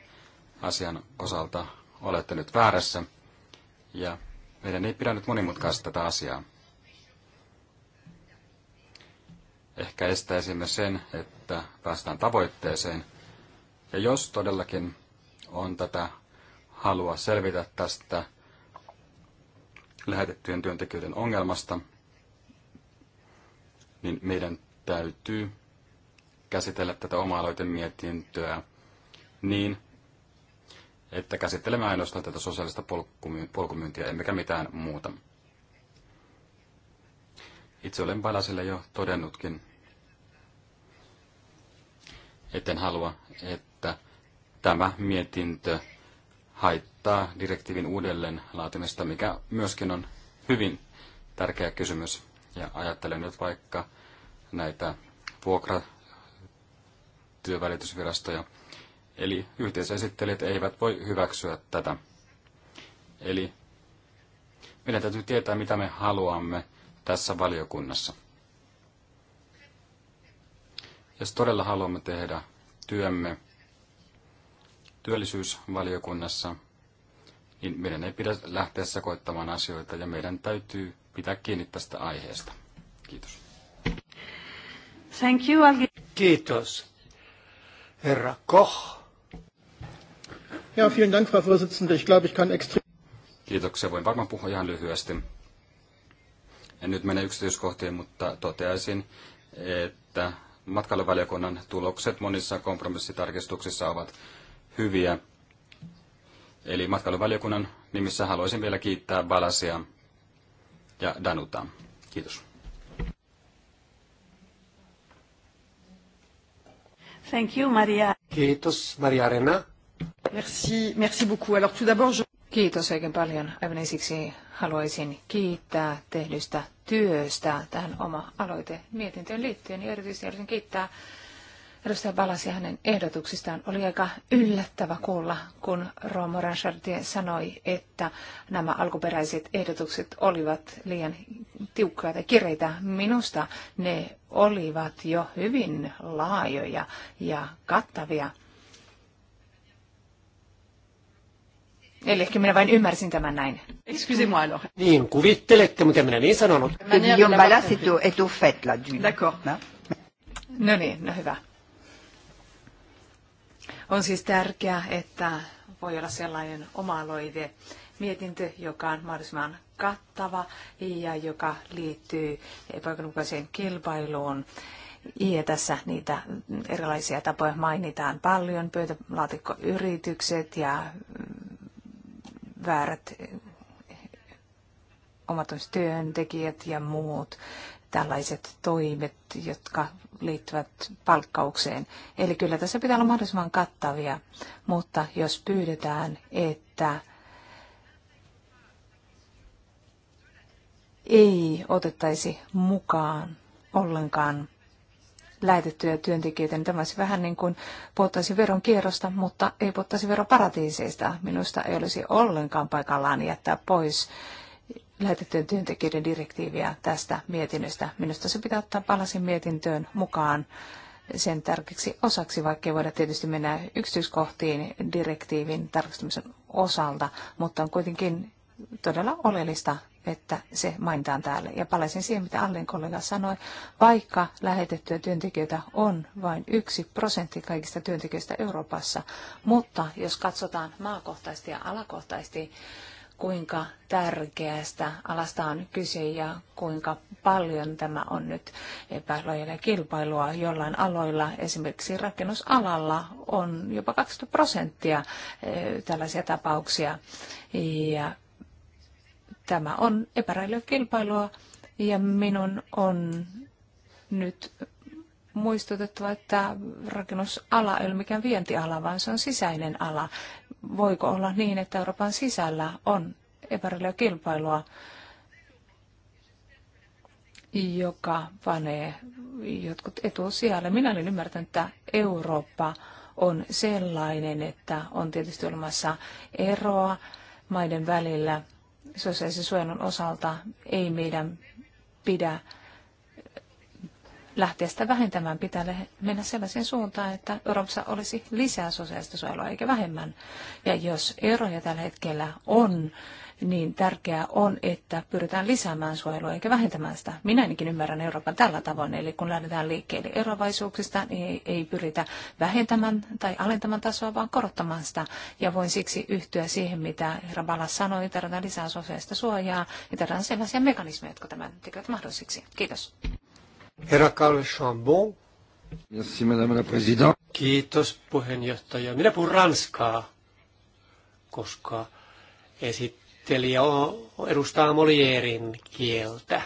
asian osalta olette nyt väärässä ja meidän ei pidä nyt monimutkaista tätä asiaa. Ehkä estäisimme sen, että päästään tavoitteeseen. Ja jos todellakin on tätä halua selvitä tästä lähetettyjen työntekijöiden ongelmasta, niin meidän täytyy käsitellä tätä oma-aloitemietintöä niin, että käsittelemme ainoastaan tätä sosiaalista polkumyyntiä, emmekä mitään muuta. Itse olen Palasille jo todennutkin, etten halua, että tämä mietintö haittaa direktiivin uudelleen laatimista, mikä myöskin on hyvin tärkeä kysymys. Ja ajattelen nyt vaikka näitä vuokratyövälitysvirastoja, Eli yhteisesittelijät eivät voi hyväksyä tätä. Eli meidän täytyy tietää, mitä me haluamme tässä valiokunnassa. Jos todella haluamme tehdä työmme työllisyysvaliokunnassa, niin meidän ei pidä lähteä sekoittamaan asioita ja meidän täytyy pitää kiinni tästä aiheesta. Kiitos. Thank you. Kiitos. Herra Koch ja, vielen Dank, Frau Vorsitzende. Ich glaube, ich kann extrem... Kiitoksia. Voin varmaan puhua ihan lyhyesti. En nyt mene yksityiskohtiin, mutta toteaisin, että matkailuvaliokunnan tulokset monissa kompromissitarkistuksissa ovat hyviä. Eli matkailuvaliokunnan nimissä haluaisin vielä kiittää Balasia ja Danuta. Kiitos. Thank you, Maria. Kiitos, Maria Arena. Merci, merci beaucoup. Alors, tout d'abord, je... Kiitos oikein paljon. Aivan ensiksi haluaisin kiittää tehdystä työstä tähän oma aloite mietintöön liittyen. Ja erityisesti haluaisin kiittää edustaja Balasi hänen ehdotuksistaan. Oli aika yllättävä kuulla, kun Romo Ranchardier sanoi, että nämä alkuperäiset ehdotukset olivat liian tiukkoja tai kireitä. Minusta ne olivat jo hyvin laajoja ja kattavia. Eli ehkä minä vain ymmärsin tämän näin. Excusez-moi alors. Niin, kuvittelette, mutta minä niin sanonut. Guillaume Ballas est au fait là du... D'accord. No niin, no hyvä. On siis tärkeää, että voi olla sellainen oma-aloite mietintö, joka on mahdollisimman kattava ja joka liittyy epäoikeudenmukaiseen kilpailuun. Ja tässä niitä erilaisia tapoja mainitaan paljon, pöytälaatikkoyritykset ja väärät omatoistyöntekijät ja muut tällaiset toimet, jotka liittyvät palkkaukseen. Eli kyllä tässä pitää olla mahdollisimman kattavia, mutta jos pyydetään, että ei otettaisi mukaan ollenkaan lähetettyjä työntekijöitä, niin tämä olisi vähän niin kuin puhuttaisiin veron kierrosta, mutta ei puhuttaisi veroparatiiseista. Minusta ei olisi ollenkaan paikallaan jättää pois lähetettyjen työntekijöiden direktiiviä tästä mietinnöstä. Minusta se pitää ottaa palasin mietintöön mukaan sen tärkeäksi osaksi, vaikkei voida tietysti mennä yksityiskohtiin direktiivin tarkistamisen osalta, mutta on kuitenkin todella oleellista että se mainitaan täällä. Ja palaisin siihen, mitä Allen kollega sanoi. Vaikka lähetettyä työntekijöitä on vain yksi prosentti kaikista työntekijöistä Euroopassa, mutta jos katsotaan maakohtaisesti ja alakohtaisesti, kuinka tärkeästä alasta on kyse ja kuinka paljon tämä on nyt epälojelle kilpailua. Jollain aloilla, esimerkiksi rakennusalalla, on jopa 20 prosenttia eh, tällaisia tapauksia. Ja Tämä on epäräilyä kilpailua ja minun on nyt muistutettava, että rakennusala ei ole mikään vientiala, vaan se on sisäinen ala. Voiko olla niin, että Euroopan sisällä on epäräilyä kilpailua, joka panee jotkut etusijalle? Minä olen ymmärtänyt, että Eurooppa on sellainen, että on tietysti olemassa eroa maiden välillä – sosiaalisen suojelun osalta ei meidän pidä lähteä sitä vähentämään. Pitää mennä sellaiseen suuntaan, että Euroopassa olisi lisää sosiaalista suojelua eikä vähemmän. Ja jos eroja tällä hetkellä on niin tärkeää on, että pyritään lisäämään suojelua eikä vähentämään sitä. Minä ainakin ymmärrän Euroopan tällä tavoin, eli kun lähdetään liikkeelle eroavaisuuksista, niin ei, ei pyritä vähentämään tai alentamaan tasoa, vaan korottamaan sitä. Ja voin siksi yhtyä siihen, mitä herra Balas sanoi, tarvitaan lisää sosiaalista suojaa ja tarvitaan sellaisia mekanismeja, jotka tämän tekevät mahdollisiksi. Kiitos. Herra Karl Chambon. Merci, madame la présidente. Kiitos puheenjohtaja. Minä puhun ranskaa, koska esit näyttelijä edustaa Molierin kieltä.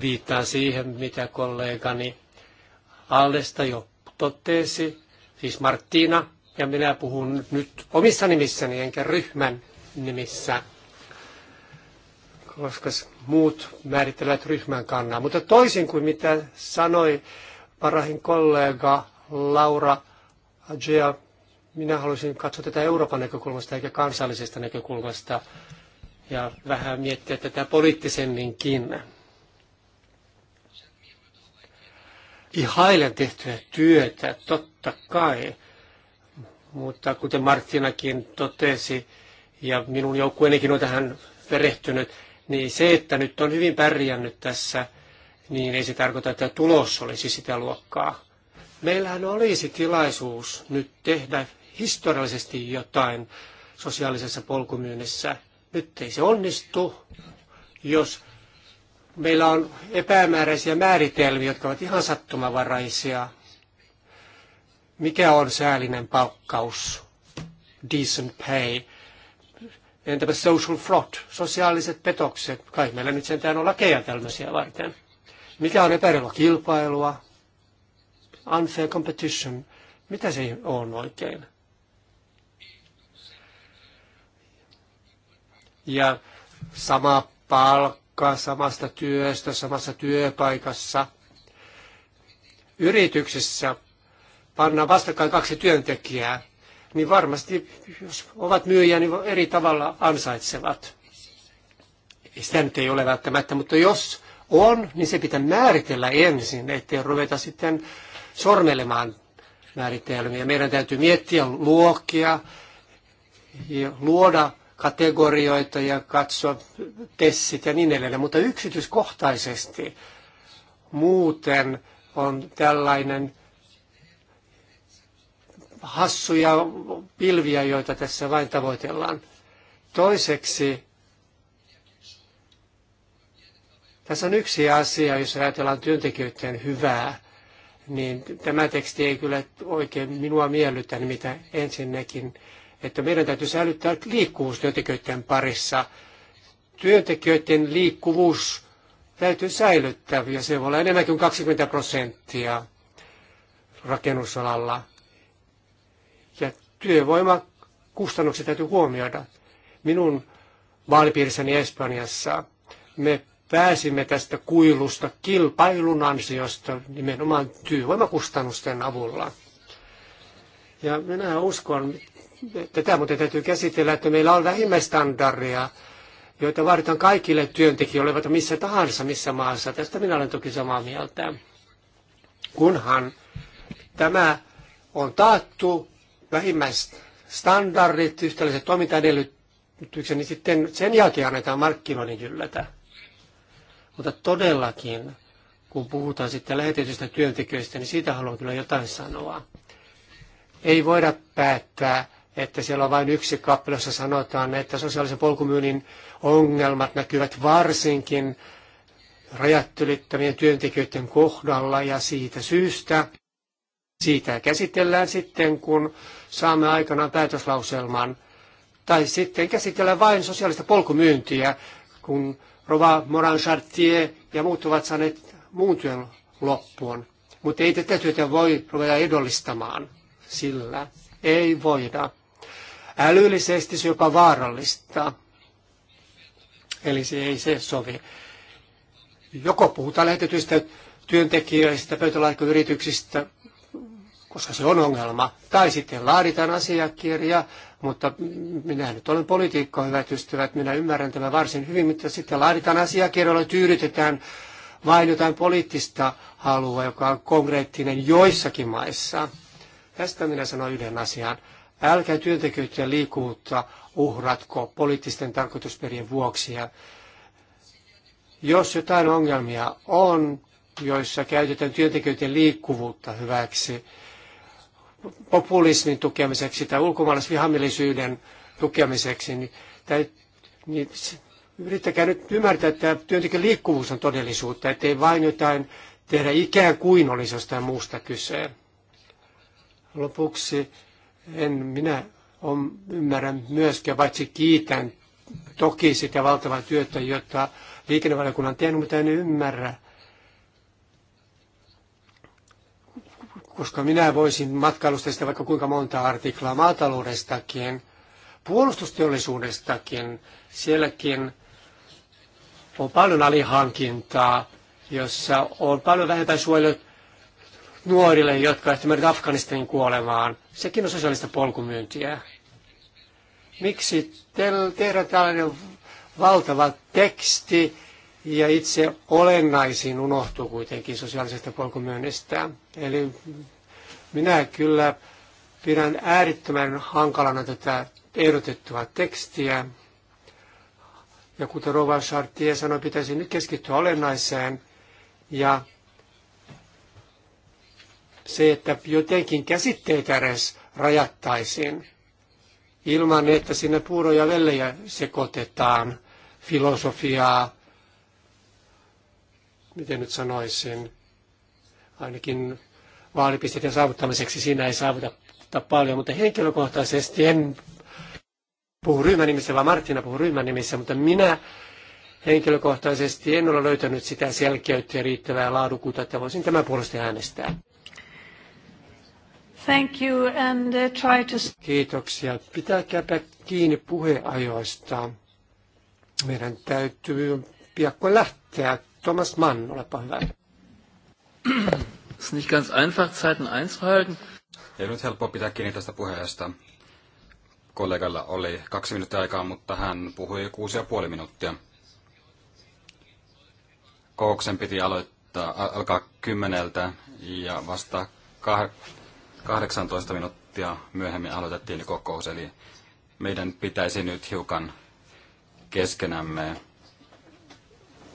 Viittaan siihen, mitä kollegani Allesta jo totesi, siis Martina, ja minä puhun nyt omissa nimissäni enkä ryhmän nimissä, koska muut määrittelevät ryhmän kannan. Mutta toisin kuin mitä sanoi parahin kollega Laura Ajea minä haluaisin katsoa tätä Euroopan näkökulmasta eikä kansallisesta näkökulmasta ja vähän miettiä tätä poliittisemminkin. Ihailen tehtyä työtä, totta kai, mutta kuten Martinakin totesi, ja minun joukkueenikin on tähän perehtynyt, niin se, että nyt on hyvin pärjännyt tässä, niin ei se tarkoita, että tulos olisi sitä luokkaa. Meillähän olisi tilaisuus nyt tehdä historiallisesti jotain sosiaalisessa polkumyynnissä. Nyt ei se onnistu, jos meillä on epämääräisiä määritelmiä, jotka ovat ihan sattumavaraisia. Mikä on säällinen palkkaus? Decent pay. Entäpä social fraud, sosiaaliset petokset? Kai meillä nyt sentään on lakeja tämmöisiä varten. Mikä on epäreilua kilpailua? Unfair competition. Mitä se on oikein? ja sama palkka samasta työstä, samassa työpaikassa. Yrityksessä pannaan vastakkain kaksi työntekijää, niin varmasti, jos ovat myyjiä, niin eri tavalla ansaitsevat. Sitä nyt ei ole välttämättä, mutta jos on, niin se pitää määritellä ensin, ettei ruveta sitten sormelemaan määritelmiä. Meidän täytyy miettiä luokkia ja luoda kategorioita ja katsoa tessit ja niin edelleen, mutta yksityiskohtaisesti muuten on tällainen hassuja pilviä, joita tässä vain tavoitellaan. Toiseksi tässä on yksi asia, jos ajatellaan työntekijöiden hyvää, niin tämä teksti ei kyllä oikein minua miellytä, mitä ensinnäkin että meidän täytyy säilyttää liikkuvuus työntekijöiden parissa. Työntekijöiden liikkuvuus täytyy säilyttää, ja se voi olla enemmän kuin 20 prosenttia rakennusalalla. Ja työvoimakustannukset täytyy huomioida. Minun vaalipiirissäni Espanjassa me pääsimme tästä kuilusta kilpailun ansiosta nimenomaan työvoimakustannusten avulla. Ja minä uskon, tätä muuten täytyy käsitellä, että meillä on vähimmäistandardeja, joita vaaditaan kaikille työntekijöille, vaikka missä tahansa, missä maassa. Tästä minä olen toki samaa mieltä. Kunhan tämä on taattu, vähimmäistandardit, yhtäläiset toimintaedellytykset, niin sitten sen jälkeen annetaan markkinoiden yllätä. Mutta todellakin, kun puhutaan sitten lähetetyistä työntekijöistä, niin siitä haluan kyllä jotain sanoa. Ei voida päättää että siellä on vain yksi kappale, jossa sanotaan, että sosiaalisen polkumyynnin ongelmat näkyvät varsinkin rajat ylittävien työntekijöiden kohdalla ja siitä syystä siitä käsitellään sitten, kun saamme aikanaan päätöslauselman. Tai sitten käsitellään vain sosiaalista polkumyyntiä, kun Rova Moran Chartier ja muut ovat saaneet muun työn loppuun. Mutta ei tätä työtä voi ruveta edollistamaan sillä. Ei voida. Älyllisesti se jopa vaarallista. Eli se ei se sovi. Joko puhutaan lähetetyistä työntekijöistä, pöytälaatikkoyrityksistä, koska se on ongelma. Tai sitten laaditaan asiakirja, mutta minä nyt olen politiikko, hyvät ystävät, minä ymmärrän tämän varsin hyvin, mutta sitten laaditaan asiakirjoilla, tyydytetään vain jotain poliittista halua, joka on konkreettinen joissakin maissa. Tästä minä sanon yhden asian. Älkää työntekijöitä ja liikkuvuutta uhratko poliittisten tarkoitusperien vuoksi. Ja jos jotain ongelmia on, joissa käytetään työntekijöiden liikkuvuutta hyväksi, populismin tukemiseksi tai ulkomaalaisvihamielisyyden tukemiseksi, niin, tai, niin yrittäkää nyt ymmärtää, että työntekijän liikkuvuus on todellisuutta, ettei vain jotain tehdä ikään kuin olisi jostain muusta kyse. Lopuksi en minä on, ymmärrän myöskään, paitsi kiitän toki sitä valtavaa työtä, jota liikennevaliokunnan tehnyt, mutta en ymmärrä, koska minä voisin matkailusta sitä vaikka kuinka monta artiklaa maataloudestakin, puolustusteollisuudestakin, sielläkin on paljon alihankintaa, jossa on paljon vähemmän suojellut nuorille, jotka lähtevät Afganistanin kuolemaan. Sekin on sosiaalista polkumyyntiä. Miksi tehdä tällainen valtava teksti ja itse olennaisin unohtuu kuitenkin sosiaalisesta polkumyynnistä? Eli minä kyllä pidän äärettömän hankalana tätä ehdotettua tekstiä. Ja kuten Rovan Chartier sanoi, pitäisi nyt keskittyä olennaiseen ja se, että jotenkin käsitteitä edes rajattaisiin ilman, että sinne puuroja ja vellejä sekoitetaan filosofiaa, miten nyt sanoisin, ainakin vaalipisteiden saavuttamiseksi siinä ei saavuta paljon, mutta henkilökohtaisesti en puhu ryhmän nimissä, vaan Martina puhuu ryhmän nimissä, mutta minä henkilökohtaisesti en ole löytänyt sitä selkeyttä ja riittävää laadukkuutta, että voisin tämän puolesta äänestää. Thank you and uh, try to... Kiitoksia. Pitäkääpä kiinni puheajoista. Meidän täytyy piakkoin lähteä. Thomas Mann, olepa hyvä. Es nicht ganz einfach, Zeiten einzuhalten. Ei nyt helppoa pitää kiinni tästä puheesta. Kollegalla oli kaksi minuuttia aikaa, mutta hän puhui kuusi ja puoli minuuttia. Kokouksen piti aloittaa, alkaa kymmeneltä ja vasta 18 minuuttia myöhemmin aloitettiin kokous, eli meidän pitäisi nyt hiukan keskenämme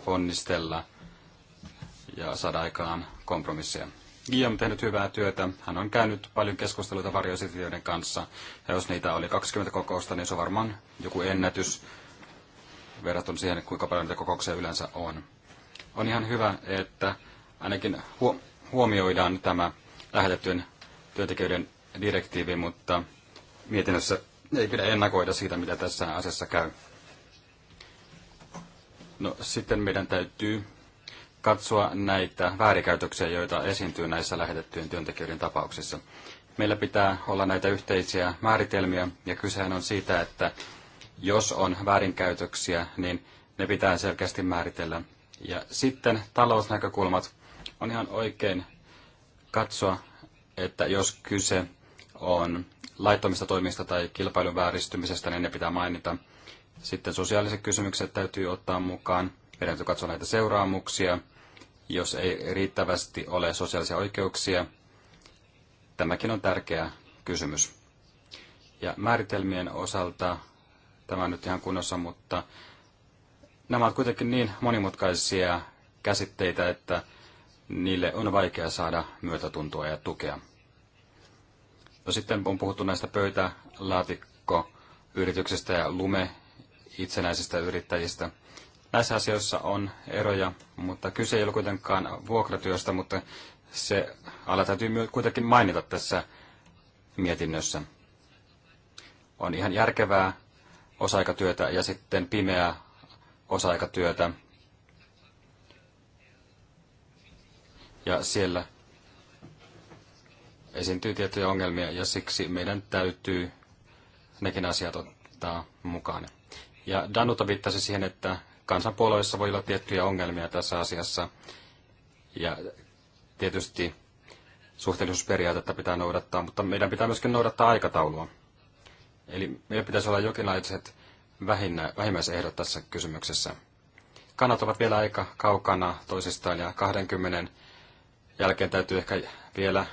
onnistella ja saada aikaan kompromisseja. Guillaume on tehnyt hyvää työtä. Hän on käynyt paljon keskusteluita varjoesitilijöiden kanssa. Ja jos niitä oli 20 kokousta, niin se on varmaan joku ennätys verrattuna siihen, kuinka paljon niitä kokouksia yleensä on. On ihan hyvä, että ainakin huomioidaan tämä lähetettyjen työntekijöiden direktiivi, mutta mietinnössä ei pidä ennakoida siitä, mitä tässä asiassa käy. No, sitten meidän täytyy katsoa näitä väärikäytöksiä, joita esiintyy näissä lähetettyjen työntekijöiden tapauksissa. Meillä pitää olla näitä yhteisiä määritelmiä, ja kysehän on siitä, että jos on väärinkäytöksiä, niin ne pitää selkeästi määritellä. Ja sitten talousnäkökulmat on ihan oikein katsoa että jos kyse on laittomista toimista tai kilpailun vääristymisestä, niin ne pitää mainita. Sitten sosiaaliset kysymykset täytyy ottaa mukaan. Meidän täytyy katsoa näitä seuraamuksia, jos ei riittävästi ole sosiaalisia oikeuksia. Tämäkin on tärkeä kysymys. Ja määritelmien osalta, tämä on nyt ihan kunnossa, mutta nämä ovat kuitenkin niin monimutkaisia käsitteitä, että niille on vaikea saada myötätuntoa ja tukea. No sitten on puhuttu näistä yrityksestä ja lume itsenäisistä yrittäjistä. Näissä asioissa on eroja, mutta kyse ei ole kuitenkaan vuokratyöstä, mutta se ala täytyy kuitenkin mainita tässä mietinnössä. On ihan järkevää osa-aikatyötä ja sitten pimeää osa-aikatyötä, ja siellä esiintyy tiettyjä ongelmia ja siksi meidän täytyy nekin asiat ottaa mukaan. Ja Danuta viittasi siihen, että kansanpuolueissa voi olla tiettyjä ongelmia tässä asiassa ja tietysti suhteellisuusperiaatetta pitää noudattaa, mutta meidän pitää myöskin noudattaa aikataulua. Eli meillä pitäisi olla jokinlaiset vähimmäisehdot tässä kysymyksessä. Kannat ovat vielä aika kaukana toisistaan ja 20 jälkeen täytyy ehkä vielä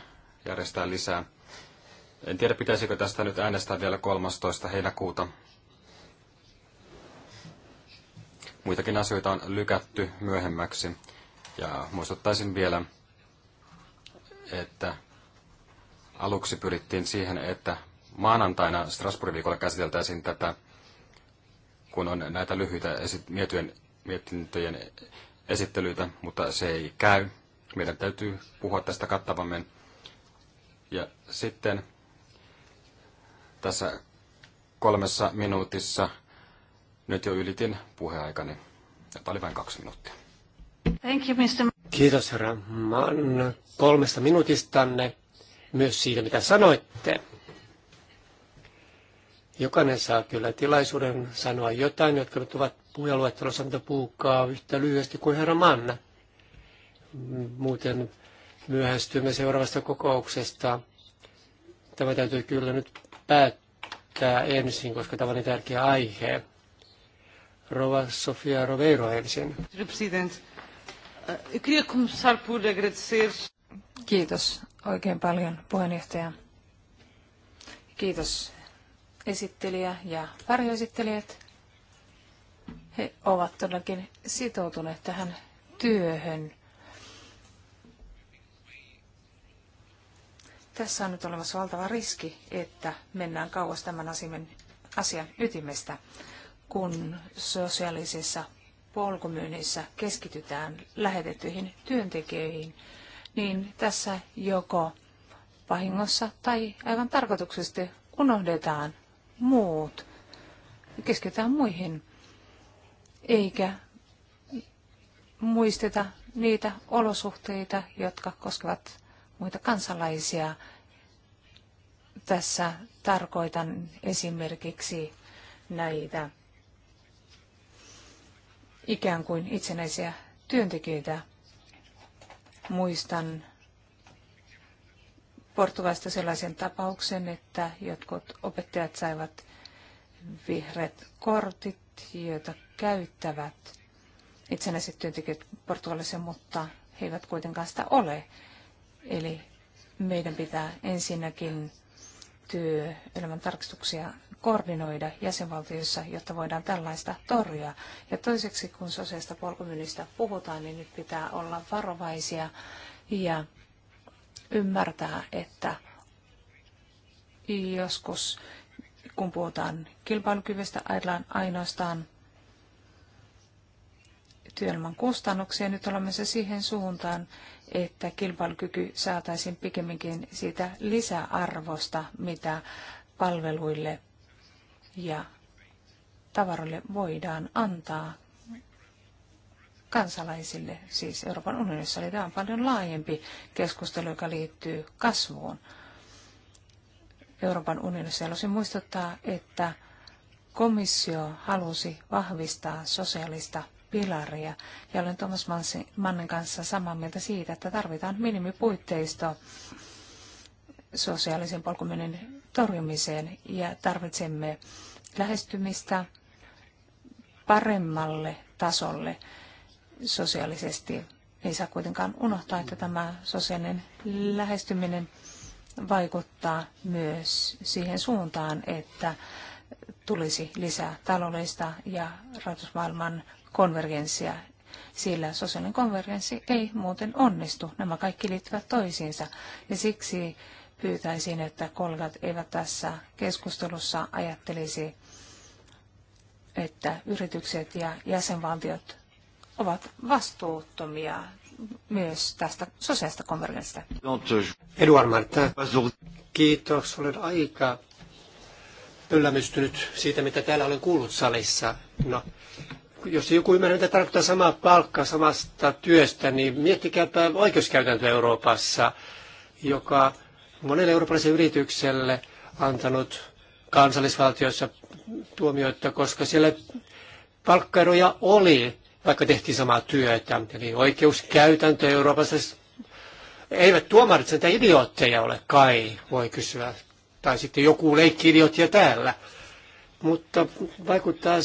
järjestää lisää. En tiedä, pitäisikö tästä nyt äänestää vielä 13. heinäkuuta. Muitakin asioita on lykätty myöhemmäksi. Ja muistuttaisin vielä, että aluksi pyrittiin siihen, että maanantaina Strasbourgin viikolla käsiteltäisiin tätä, kun on näitä lyhyitä esi- mietintöjen esittelyitä, mutta se ei käy. Meidän täytyy puhua tästä kattavammin. Ja sitten tässä kolmessa minuutissa nyt jo ylitin puheaikani, ja oli vain kaksi minuuttia. Thank you, Mr. Kiitos herra Mann kolmesta minuutistanne, myös siitä mitä sanoitte. Jokainen saa kyllä tilaisuuden sanoa jotain, jotka nyt ovat puheluettelossa, mitä puukaa yhtä lyhyesti kuin herra Mann muuten myöhästymme seuraavasta kokouksesta. Tämä täytyy kyllä nyt päättää ensin, koska tämä on niin tärkeä aihe. Rova Sofia Roveiro ensin. Eh, Kiitos oikein paljon puheenjohtaja. Kiitos esittelijä ja varjoesittelijät. He ovat todellakin sitoutuneet tähän työhön Tässä on nyt olemassa valtava riski, että mennään kauas tämän asian, asian ytimestä, kun sosiaalisessa polkumyynnissä keskitytään lähetettyihin työntekijöihin, niin tässä joko vahingossa tai aivan tarkoituksesti unohdetaan muut, keskitytään muihin, eikä muisteta niitä olosuhteita, jotka koskevat muita kansalaisia. Tässä tarkoitan esimerkiksi näitä ikään kuin itsenäisiä työntekijöitä. Muistan Portugalista sellaisen tapauksen, että jotkut opettajat saivat vihreät kortit, joita käyttävät itsenäiset työntekijät Portugalissa, mutta he eivät kuitenkaan sitä ole. Eli meidän pitää ensinnäkin työelämän tarkistuksia koordinoida jäsenvaltioissa, jotta voidaan tällaista torjua. Ja toiseksi, kun sosiaalista polkumyynnistä puhutaan, niin nyt pitää olla varovaisia ja ymmärtää, että joskus, kun puhutaan kilpailukyvystä, ajatellaan ainoastaan työelämän kustannuksia. Nyt olemme se siihen suuntaan, että kilpailukyky saataisiin pikemminkin siitä lisäarvosta, mitä palveluille ja tavaroille voidaan antaa kansalaisille, siis Euroopan unionissa. Eli tämä on paljon laajempi keskustelu, joka liittyy kasvuun Euroopan unionissa. Haluaisin muistuttaa, että komissio halusi vahvistaa sosiaalista pilaria. Ja olen Thomas Mannen kanssa samaa mieltä siitä, että tarvitaan minimipuitteisto sosiaalisen polkumyynnin torjumiseen ja tarvitsemme lähestymistä paremmalle tasolle sosiaalisesti. Ei saa kuitenkaan unohtaa, että tämä sosiaalinen lähestyminen vaikuttaa myös siihen suuntaan, että tulisi lisää taloudellista ja rahoitusmaailman konvergenssia, sillä sosiaalinen konvergenssi ei muuten onnistu. Nämä kaikki liittyvät toisiinsa ja siksi pyytäisin, että kollegat eivät tässä keskustelussa ajattelisi, että yritykset ja jäsenvaltiot ovat vastuuttomia myös tästä sosiaalista konvergenssista. Eduard Martin, kiitos. Olen aika yllämystynyt siitä, mitä täällä olen kuullut salissa. No, jos joku ymmärrä, että tarkoittaa samaa palkkaa samasta työstä, niin miettikääpä oikeuskäytäntö Euroopassa, joka monelle eurooppalaiselle yritykselle antanut kansallisvaltioissa tuomioita, koska siellä palkkaeroja oli, vaikka tehtiin samaa työtä. Eli oikeuskäytäntö Euroopassa eivät tuomarit sitä idiootteja ole kai, voi kysyä. Tai sitten joku leikki idioottia täällä. Mutta vaikuttaa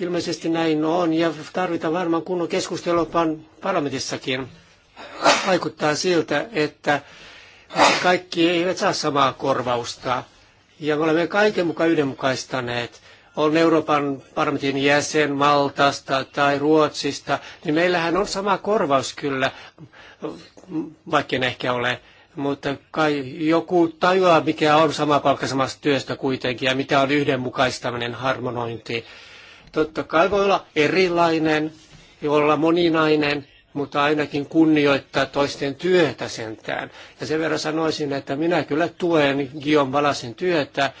Ilmeisesti näin on ja tarvitaan varmaan kunnon keskustelua parlamentissakin. Vaikuttaa siltä, että kaikki eivät saa samaa korvausta. Ja me olemme kaiken mukaan yhdenmukaistaneet. On Euroopan parlamentin jäsen Maltasta tai Ruotsista, niin meillähän on sama korvaus kyllä, vaikka en ehkä ole. Mutta kai joku tajuaa, mikä on sama palkka samasta työstä kuitenkin ja mitä on yhdenmukaistaminen, harmonointi totta kai voi olla erilainen, voi olla moninainen, mutta ainakin kunnioittaa toisten työtä sentään. Ja sen verran sanoisin, että minä kyllä tuen Gion Valasin työtä,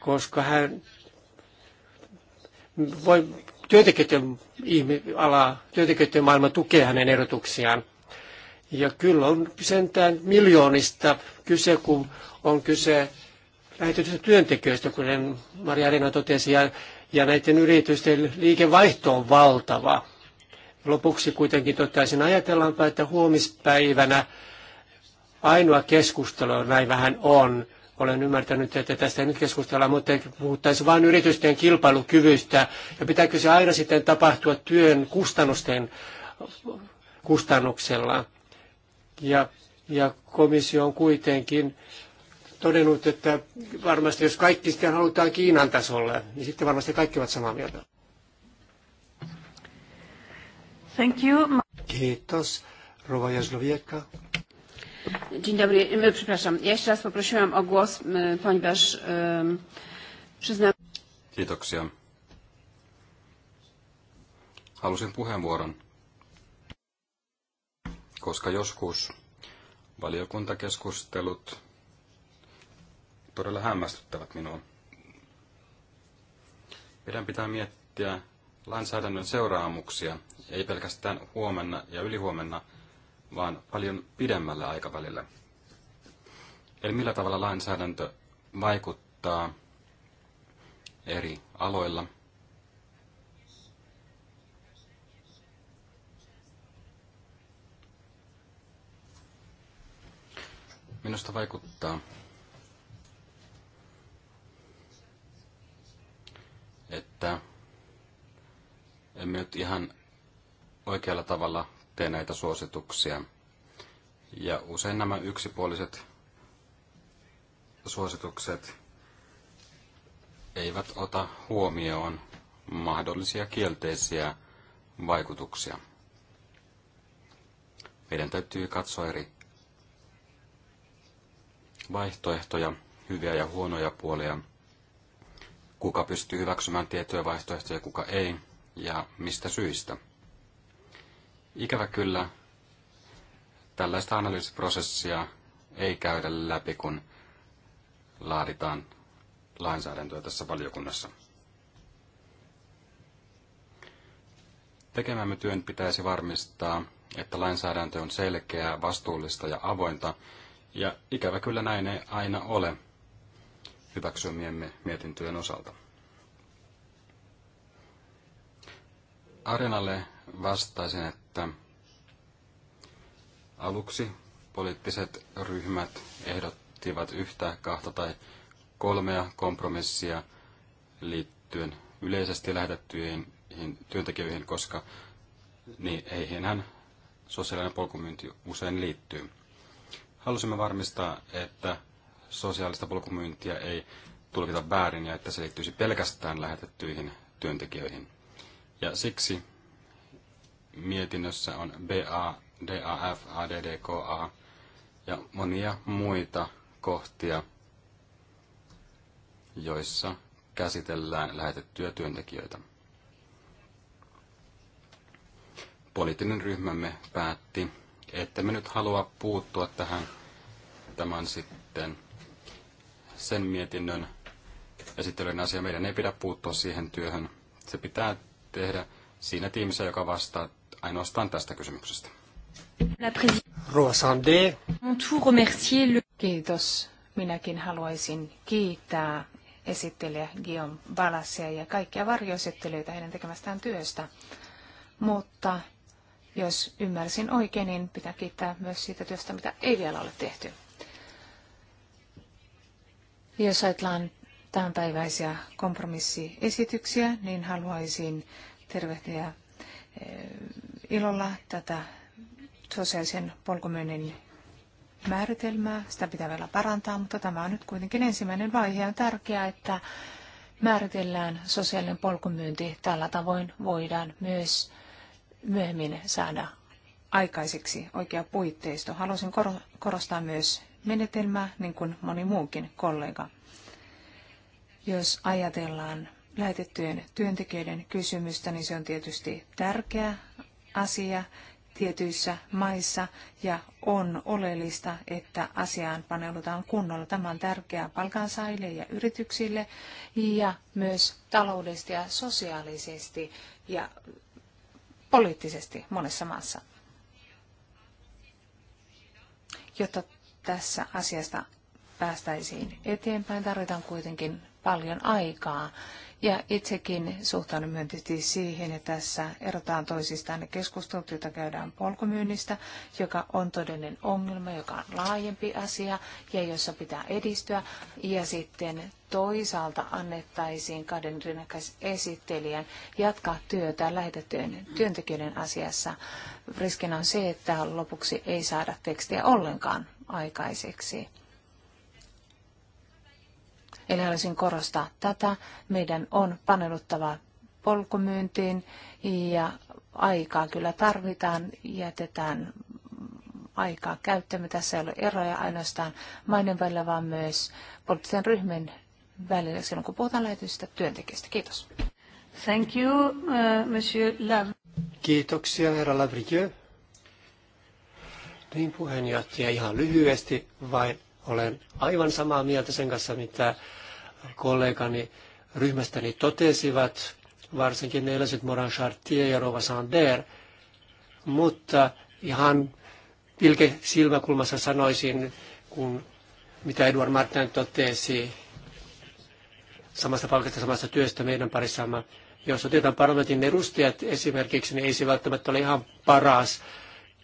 koska hän voi työntekijöiden ala, työntekijöiden maailma tukee hänen erotuksiaan. Ja kyllä on sentään miljoonista kyse, kun on kyse lähetetyistä työntekijöistä, kuten Maria Arena totesi, ja ja näiden yritysten liikevaihto on valtava. Lopuksi kuitenkin toteaisin, ajatellaanpa, että huomispäivänä ainoa keskustelu näin vähän on. Olen ymmärtänyt, että tästä ei nyt keskustella, mutta puhuttaisiin vain yritysten kilpailukyvystä. Ja pitääkö se aina sitten tapahtua työn kustannusten kustannuksella? Ja, ja komissio on kuitenkin todennut, että varmasti jos kaikki sitten halutaan Kiinan tasolle, niin sitten varmasti kaikki ovat samaa mieltä. Thank you. Kiitos. Rova Jazlowiecka. Dzień dobry, e, przepraszam. Ja jeszcze raz poprosiłam o głos, e, ponieważ um, e, przyznam... Kiitoksia. Halusin puheenvuoron, koska joskus valiokuntakeskustelut todella hämmästyttävät minua. Meidän pitää miettiä lainsäädännön seuraamuksia, ei pelkästään huomenna ja ylihuomenna, vaan paljon pidemmällä aikavälillä. Eli millä tavalla lainsäädäntö vaikuttaa eri aloilla. Minusta vaikuttaa että emme nyt ihan oikealla tavalla tee näitä suosituksia. Ja usein nämä yksipuoliset suositukset eivät ota huomioon mahdollisia kielteisiä vaikutuksia. Meidän täytyy katsoa eri vaihtoehtoja, hyviä ja huonoja puolia – kuka pystyy hyväksymään tiettyjä vaihtoehtoja ja kuka ei, ja mistä syistä. Ikävä kyllä, tällaista analyysiprosessia ei käydä läpi, kun laaditaan lainsäädäntöä tässä valiokunnassa. Tekemämme työn pitäisi varmistaa, että lainsäädäntö on selkeää, vastuullista ja avointa, ja ikävä kyllä näin ei aina ole – hyväksymiemme mietintöjen osalta. Arenalle vastaisin, että aluksi poliittiset ryhmät ehdottivat yhtä, kahta tai kolmea kompromissia liittyen yleisesti lähetettyihin työntekijöihin, koska niin heihinhän sosiaalinen polkumyynti usein liittyy. Halusimme varmistaa, että sosiaalista polkumyyntiä ei tulkita väärin ja että se liittyisi pelkästään lähetettyihin työntekijöihin. Ja siksi mietinnössä on BA, DAF, ADDKA ja monia muita kohtia, joissa käsitellään lähetettyjä työntekijöitä. Poliittinen ryhmämme päätti, että me nyt halua puuttua tähän. Tämän sitten sen mietinnön esittelyn asia. Meidän ei pidä puuttua siihen työhön. Se pitää tehdä siinä tiimissä, joka vastaa ainoastaan tästä kysymyksestä. Kiitos. Minäkin haluaisin kiittää esittelijä Guillaume Balassia ja kaikkia varjoesittelyitä heidän tekemästään työstä. Mutta jos ymmärsin oikein, niin pitää kiittää myös siitä työstä, mitä ei vielä ole tehty. Jos ajatellaan tämänpäiväisiä kompromissiesityksiä, niin haluaisin tervehtiä eh, ilolla tätä sosiaalisen polkumyynnin määritelmää. Sitä pitää vielä parantaa, mutta tämä on nyt kuitenkin ensimmäinen vaihe. On tärkeää, että määritellään sosiaalinen polkumyynti. Tällä tavoin voidaan myös myöhemmin saada aikaiseksi oikea puitteisto. Haluaisin korostaa myös menetelmä, niin kuin moni muukin kollega. Jos ajatellaan lähetettyjen työntekijöiden kysymystä, niin se on tietysti tärkeä asia tietyissä maissa ja on oleellista, että asiaan paneudutaan kunnolla. Tämä on tärkeää palkansaajille ja yrityksille ja myös taloudellisesti ja sosiaalisesti ja poliittisesti monessa maassa. Jotta tässä asiasta päästäisiin eteenpäin, tarvitaan kuitenkin paljon aikaa. Ja itsekin suhtaudun myönteisesti siihen, että tässä erotaan toisistaan ne keskustelut, joita käydään polkumyynnistä, joka on todellinen ongelma, joka on laajempi asia ja jossa pitää edistyä. Ja sitten toisaalta annettaisiin kahden rinnakkais esittelijän jatkaa työtä lähetettyjen työntekijöiden asiassa. Riskinä on se, että lopuksi ei saada tekstiä ollenkaan aikaiseksi. Eli haluaisin korostaa tätä. Meidän on paneuduttava polkumyyntiin ja aikaa kyllä tarvitaan. Jätetään aikaa käyttämme. Tässä ei ole eroja ainoastaan maiden välillä, vaan myös poliittisen ryhmän välillä silloin, kun puhutaan lähetystä työntekijästä. Kiitos. Thank you, uh, Monsieur Lav. Kiitoksia, herra Lavrieux. Niin puheenjohtaja, ihan lyhyesti vain olen aivan samaa mieltä sen kanssa, mitä kollegani ryhmästäni totesivat, varsinkin ne eläiset Moran Chartier ja Rova Sander, mutta ihan pilke silmäkulmassa sanoisin, kun mitä Eduard Martin totesi samasta palkasta samasta työstä meidän parissamme. Jos otetaan parlamentin edustajat esimerkiksi, niin ei se välttämättä ole ihan paras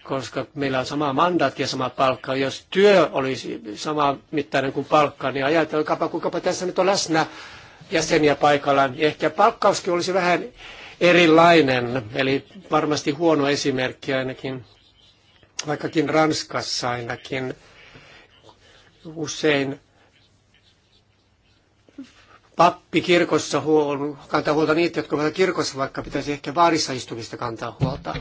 koska meillä on sama mandaatti ja sama palkka. Jos työ olisi sama mittainen kuin palkka, niin ajatelkaapa, kuinka tässä nyt on läsnä jäseniä paikallaan. Niin ehkä palkkauskin olisi vähän erilainen, eli varmasti huono esimerkki ainakin, vaikkakin Ranskassa ainakin usein pappi kirkossa huol, kantaa huolta niitä, jotka ovat kirkossa, vaikka pitäisi ehkä vaarissa istumista kantaa huolta.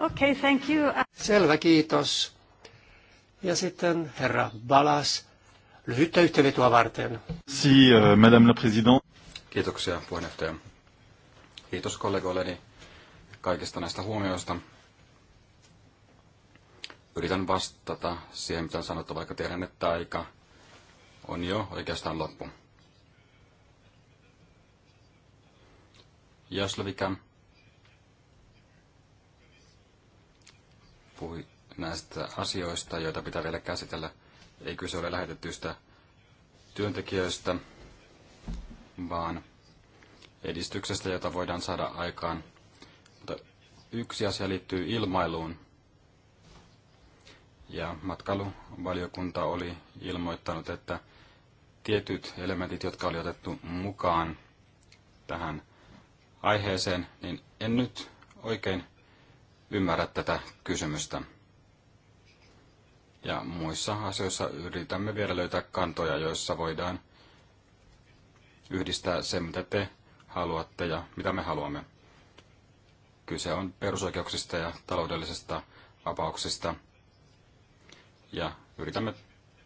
Okay, thank you. Selvä, kiitos. Ja sitten herra Balas, lyhyttä yhteenvetoa varten. Si, uh, madame la présidente. Kiitoksia puheenjohtaja. Kiitos kollegoilleni kaikista näistä huomioista. Yritän vastata siihen, mitä on sanottu, vaikka tiedän, että aika on jo oikeastaan loppu. Jaslovikan puhui näistä asioista, joita pitää vielä käsitellä. Ei kyse ole lähetetyistä työntekijöistä, vaan edistyksestä, jota voidaan saada aikaan. Mutta yksi asia liittyy ilmailuun. Ja matkailuvaliokunta oli ilmoittanut, että tietyt elementit, jotka oli otettu mukaan tähän aiheeseen, niin en nyt oikein ymmärrä tätä kysymystä. Ja muissa asioissa yritämme vielä löytää kantoja, joissa voidaan yhdistää se, mitä te haluatte ja mitä me haluamme. Kyse on perusoikeuksista ja taloudellisista vapauksista. Ja yritämme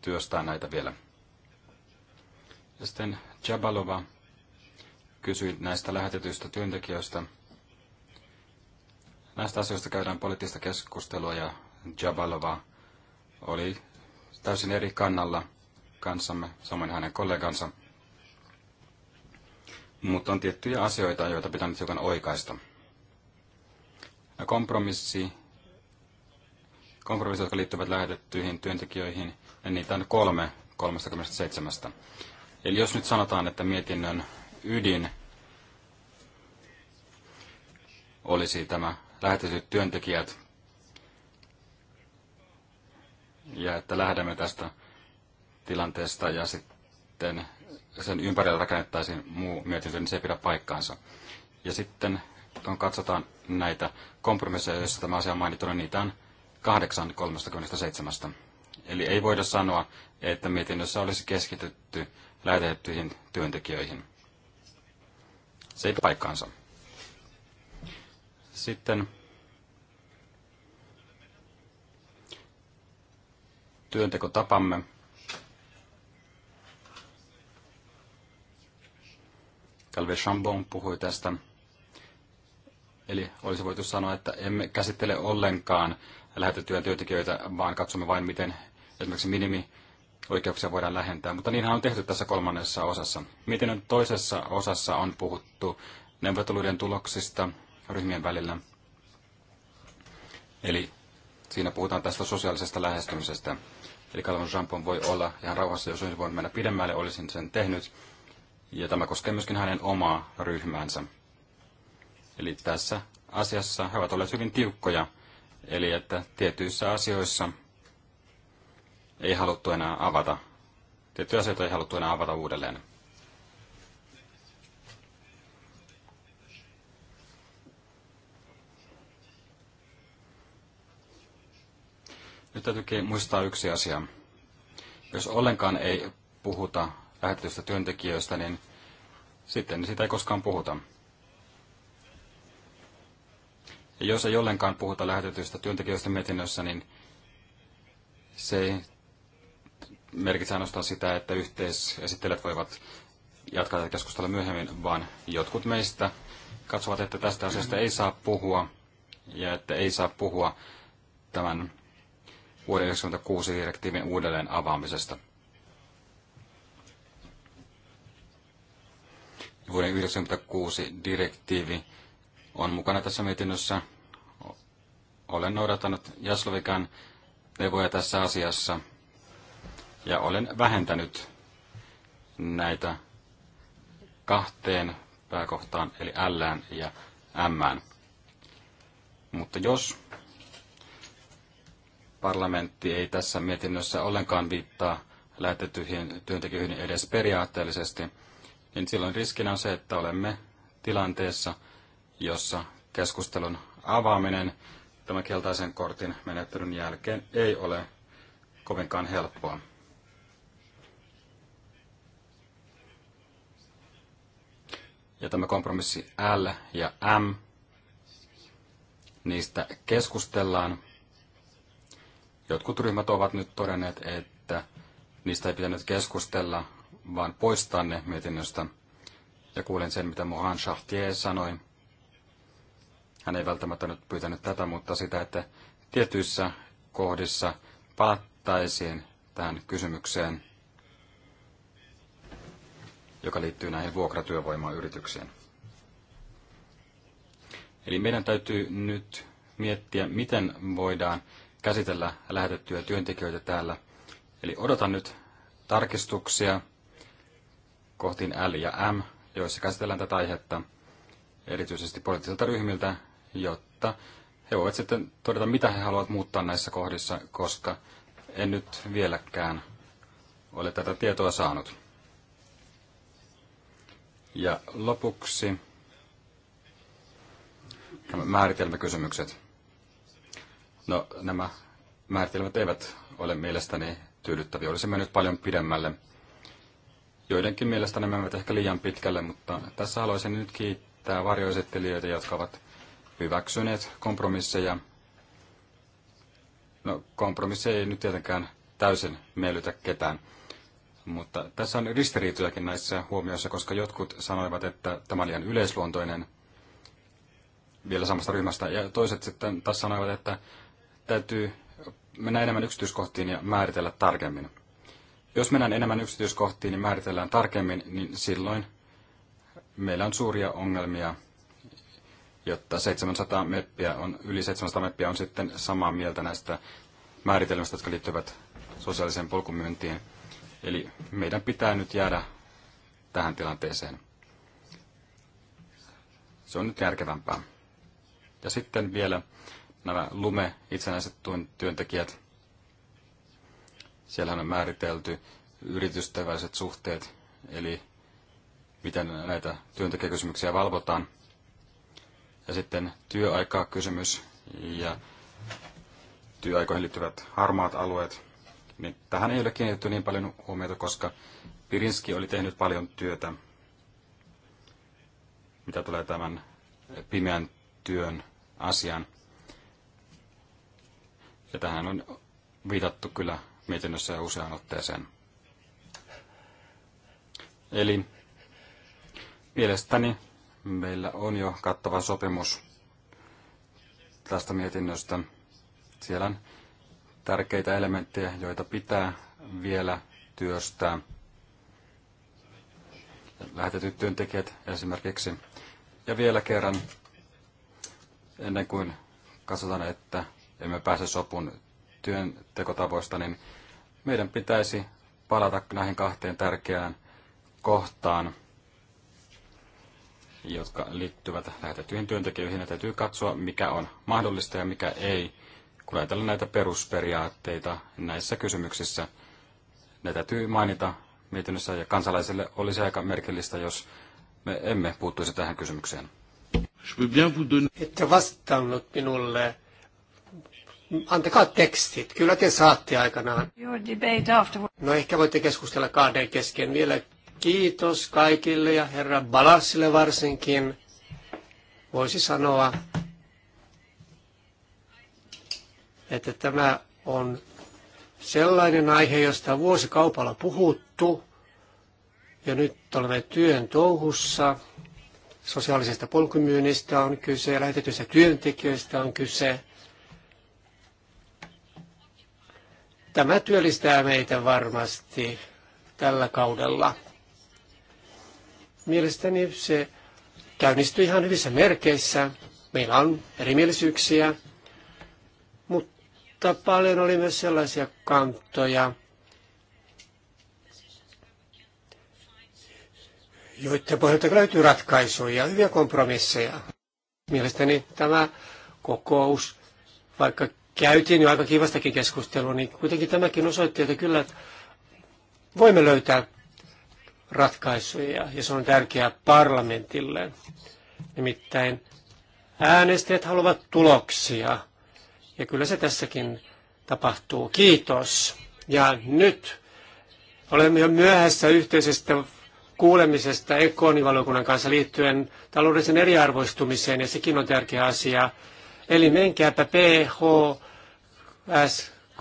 työstää näitä vielä. Ja sitten Jabalova kysyi näistä lähetetyistä työntekijöistä – Näistä asioista käydään poliittista keskustelua ja Jabalova oli täysin eri kannalla kanssamme, samoin hänen kollegansa. Mutta on tiettyjä asioita, joita pitää nyt hiukan oikaista. Kompromissi, kompromissit, jotka liittyvät lähetettyihin työntekijöihin, ja niin niitä on kolme 37. Eli jos nyt sanotaan, että mietinnön ydin olisi tämä lähetetyt työntekijät ja että lähdemme tästä tilanteesta ja sitten sen ympärillä rakennettaisiin muu mietintö, niin se ei pidä paikkaansa. Ja sitten kun katsotaan näitä kompromisseja, joissa tämä asia on mainittu, niin niitä on 8.37. Eli ei voida sanoa, että mietinnössä olisi keskitytty lähetettyihin työntekijöihin. Se ei paikkaansa. Sitten työntekotapamme. Calvé Chambon puhui tästä. Eli olisi voitu sanoa, että emme käsittele ollenkaan lähetettyjä työntekijöitä, vaan katsomme vain, miten esimerkiksi minimioikeuksia voidaan lähentää. Mutta niinhän on tehty tässä kolmannessa osassa. Miten toisessa osassa on puhuttu neuvotteluiden tuloksista ryhmien välillä. Eli siinä puhutaan tästä sosiaalisesta lähestymisestä. Eli Calvin Jampon voi olla ihan rauhassa, jos olisin voinut mennä pidemmälle, olisin sen tehnyt. Ja tämä koskee myöskin hänen omaa ryhmäänsä. Eli tässä asiassa he ovat olleet hyvin tiukkoja, eli että tietyissä asioissa ei haluttu enää avata, tiettyjä asioita ei haluttu enää avata uudelleen. Nyt täytyy muistaa yksi asia. Jos ollenkaan ei puhuta lähetetystä työntekijöistä, niin sitten sitä ei koskaan puhuta. Ja jos ei ollenkaan puhuta lähetetyistä työntekijöistä mietinnössä, niin se ei merkitse ainoastaan sitä, että yhteisesittelijät voivat jatkaa tätä keskustelua myöhemmin, vaan jotkut meistä katsovat, että tästä asiasta ei saa puhua ja että ei saa puhua tämän vuoden 1996 direktiivin uudelleen avaamisesta. Vuoden 1996 direktiivi on mukana tässä mietinnössä. Olen noudattanut Jaslovikan neuvoja tässä asiassa ja olen vähentänyt näitä kahteen pääkohtaan, eli L ja M. Mutta jos parlamentti ei tässä mietinnössä ollenkaan viittaa lähetettyihin työntekijöihin edes periaatteellisesti, niin silloin riskinä on se, että olemme tilanteessa, jossa keskustelun avaaminen tämän keltaisen kortin menettelyn jälkeen ei ole kovinkaan helppoa. Ja tämä kompromissi L ja M, niistä keskustellaan Jotkut ryhmät ovat nyt todenneet, että niistä ei pitänyt keskustella, vaan poistaa ne mietinnöstä. Ja kuulin sen, mitä Mohan Chartier sanoi. Hän ei välttämättä nyt pyytänyt tätä, mutta sitä, että tietyissä kohdissa palattaisiin tähän kysymykseen, joka liittyy näihin vuokratyövoimayrityksiin. Eli meidän täytyy nyt miettiä, miten voidaan käsitellä lähetettyjä työntekijöitä täällä. Eli odotan nyt tarkistuksia kohtiin L ja M, joissa käsitellään tätä aihetta erityisesti poliittisilta ryhmiltä, jotta he voivat sitten todeta, mitä he haluavat muuttaa näissä kohdissa, koska en nyt vieläkään ole tätä tietoa saanut. Ja lopuksi nämä määritelmäkysymykset. No nämä määritelmät eivät ole mielestäni tyydyttäviä. Olisi mennyt paljon pidemmälle. Joidenkin mielestä nämä menevät ehkä liian pitkälle, mutta tässä haluaisin nyt kiittää varjoesittelijöitä, jotka ovat hyväksyneet kompromisseja. No kompromissi ei nyt tietenkään täysin miellytä ketään. Mutta tässä on ristiriitojakin näissä huomioissa, koska jotkut sanoivat, että tämä on liian yleisluontoinen vielä samasta ryhmästä, ja toiset sitten taas sanoivat, että täytyy mennä enemmän yksityiskohtiin ja määritellä tarkemmin. Jos mennään enemmän yksityiskohtiin ja määritellään tarkemmin, niin silloin meillä on suuria ongelmia, jotta 700 meppiä on, yli 700 meppiä on sitten samaa mieltä näistä määritelmistä, jotka liittyvät sosiaaliseen polkumyyntiin. Eli meidän pitää nyt jäädä tähän tilanteeseen. Se on nyt järkevämpää. Ja sitten vielä nämä lume itsenäiset työntekijät. Siellähän on määritelty yritysten väliset suhteet, eli miten näitä työntekijäkysymyksiä valvotaan. Ja sitten työaikaa kysymys ja työaikoihin liittyvät harmaat alueet. Niin tähän ei ole kiinnitetty niin paljon huomiota, koska Pirinski oli tehnyt paljon työtä, mitä tulee tämän pimeän työn asian. Ja tähän on viitattu kyllä mietinnössä ja useaan otteeseen. Eli mielestäni meillä on jo kattava sopimus tästä mietinnöstä. Siellä on tärkeitä elementtejä, joita pitää vielä työstää. Lähetetyt työntekijät esimerkiksi. Ja vielä kerran, ennen kuin katsotaan, että emme pääse sopun työntekotavoista, niin meidän pitäisi palata näihin kahteen tärkeään kohtaan, jotka liittyvät lähetettyihin työntekijöihin. Ja täytyy katsoa, mikä on mahdollista ja mikä ei. Kun ajatellaan näitä perusperiaatteita näissä kysymyksissä, ne täytyy mainita mietinnössä ja kansalaiselle olisi aika merkillistä, jos me emme puuttuisi tähän kysymykseen. Että vastannut minulle antakaa tekstit. Kyllä te saatte aikanaan. No ehkä voitte keskustella kahden kesken vielä. Kiitos kaikille ja herra Balassille varsinkin. Voisi sanoa, että tämä on sellainen aihe, josta vuosikaupalla puhuttu. Ja nyt olemme työn touhussa. Sosiaalisesta polkumyynnistä on kyse, lähetetyistä työntekijöistä on kyse Tämä työllistää meitä varmasti tällä kaudella. Mielestäni se käynnistyi ihan hyvissä merkeissä. Meillä on erimielisyyksiä, mutta paljon oli myös sellaisia kantoja, joiden pohjalta löytyy ratkaisuja, hyviä kompromisseja. Mielestäni tämä kokous, vaikka käytiin jo aika kivastakin keskustelua, niin kuitenkin tämäkin osoitti, että kyllä voimme löytää ratkaisuja, ja se on tärkeää parlamentille. Nimittäin äänestäjät haluavat tuloksia, ja kyllä se tässäkin tapahtuu. Kiitos. Ja nyt olemme jo myöhässä yhteisestä kuulemisesta ekonivaliokunnan kanssa liittyen taloudellisen eriarvoistumiseen, ja sekin on tärkeä asia. Eli menkääpä PH S 3.50.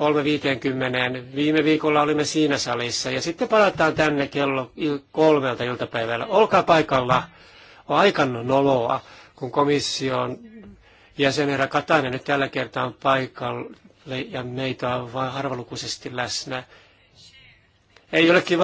Viime viikolla olimme siinä salissa ja sitten palataan tänne kello kolmelta iltapäivällä. Olkaa paikalla. On aikan noloa, kun komission jäsenerä Katainen nyt tällä kertaa on paikalla ja meitä on vain harvalukuisesti läsnä. Ei ole kiva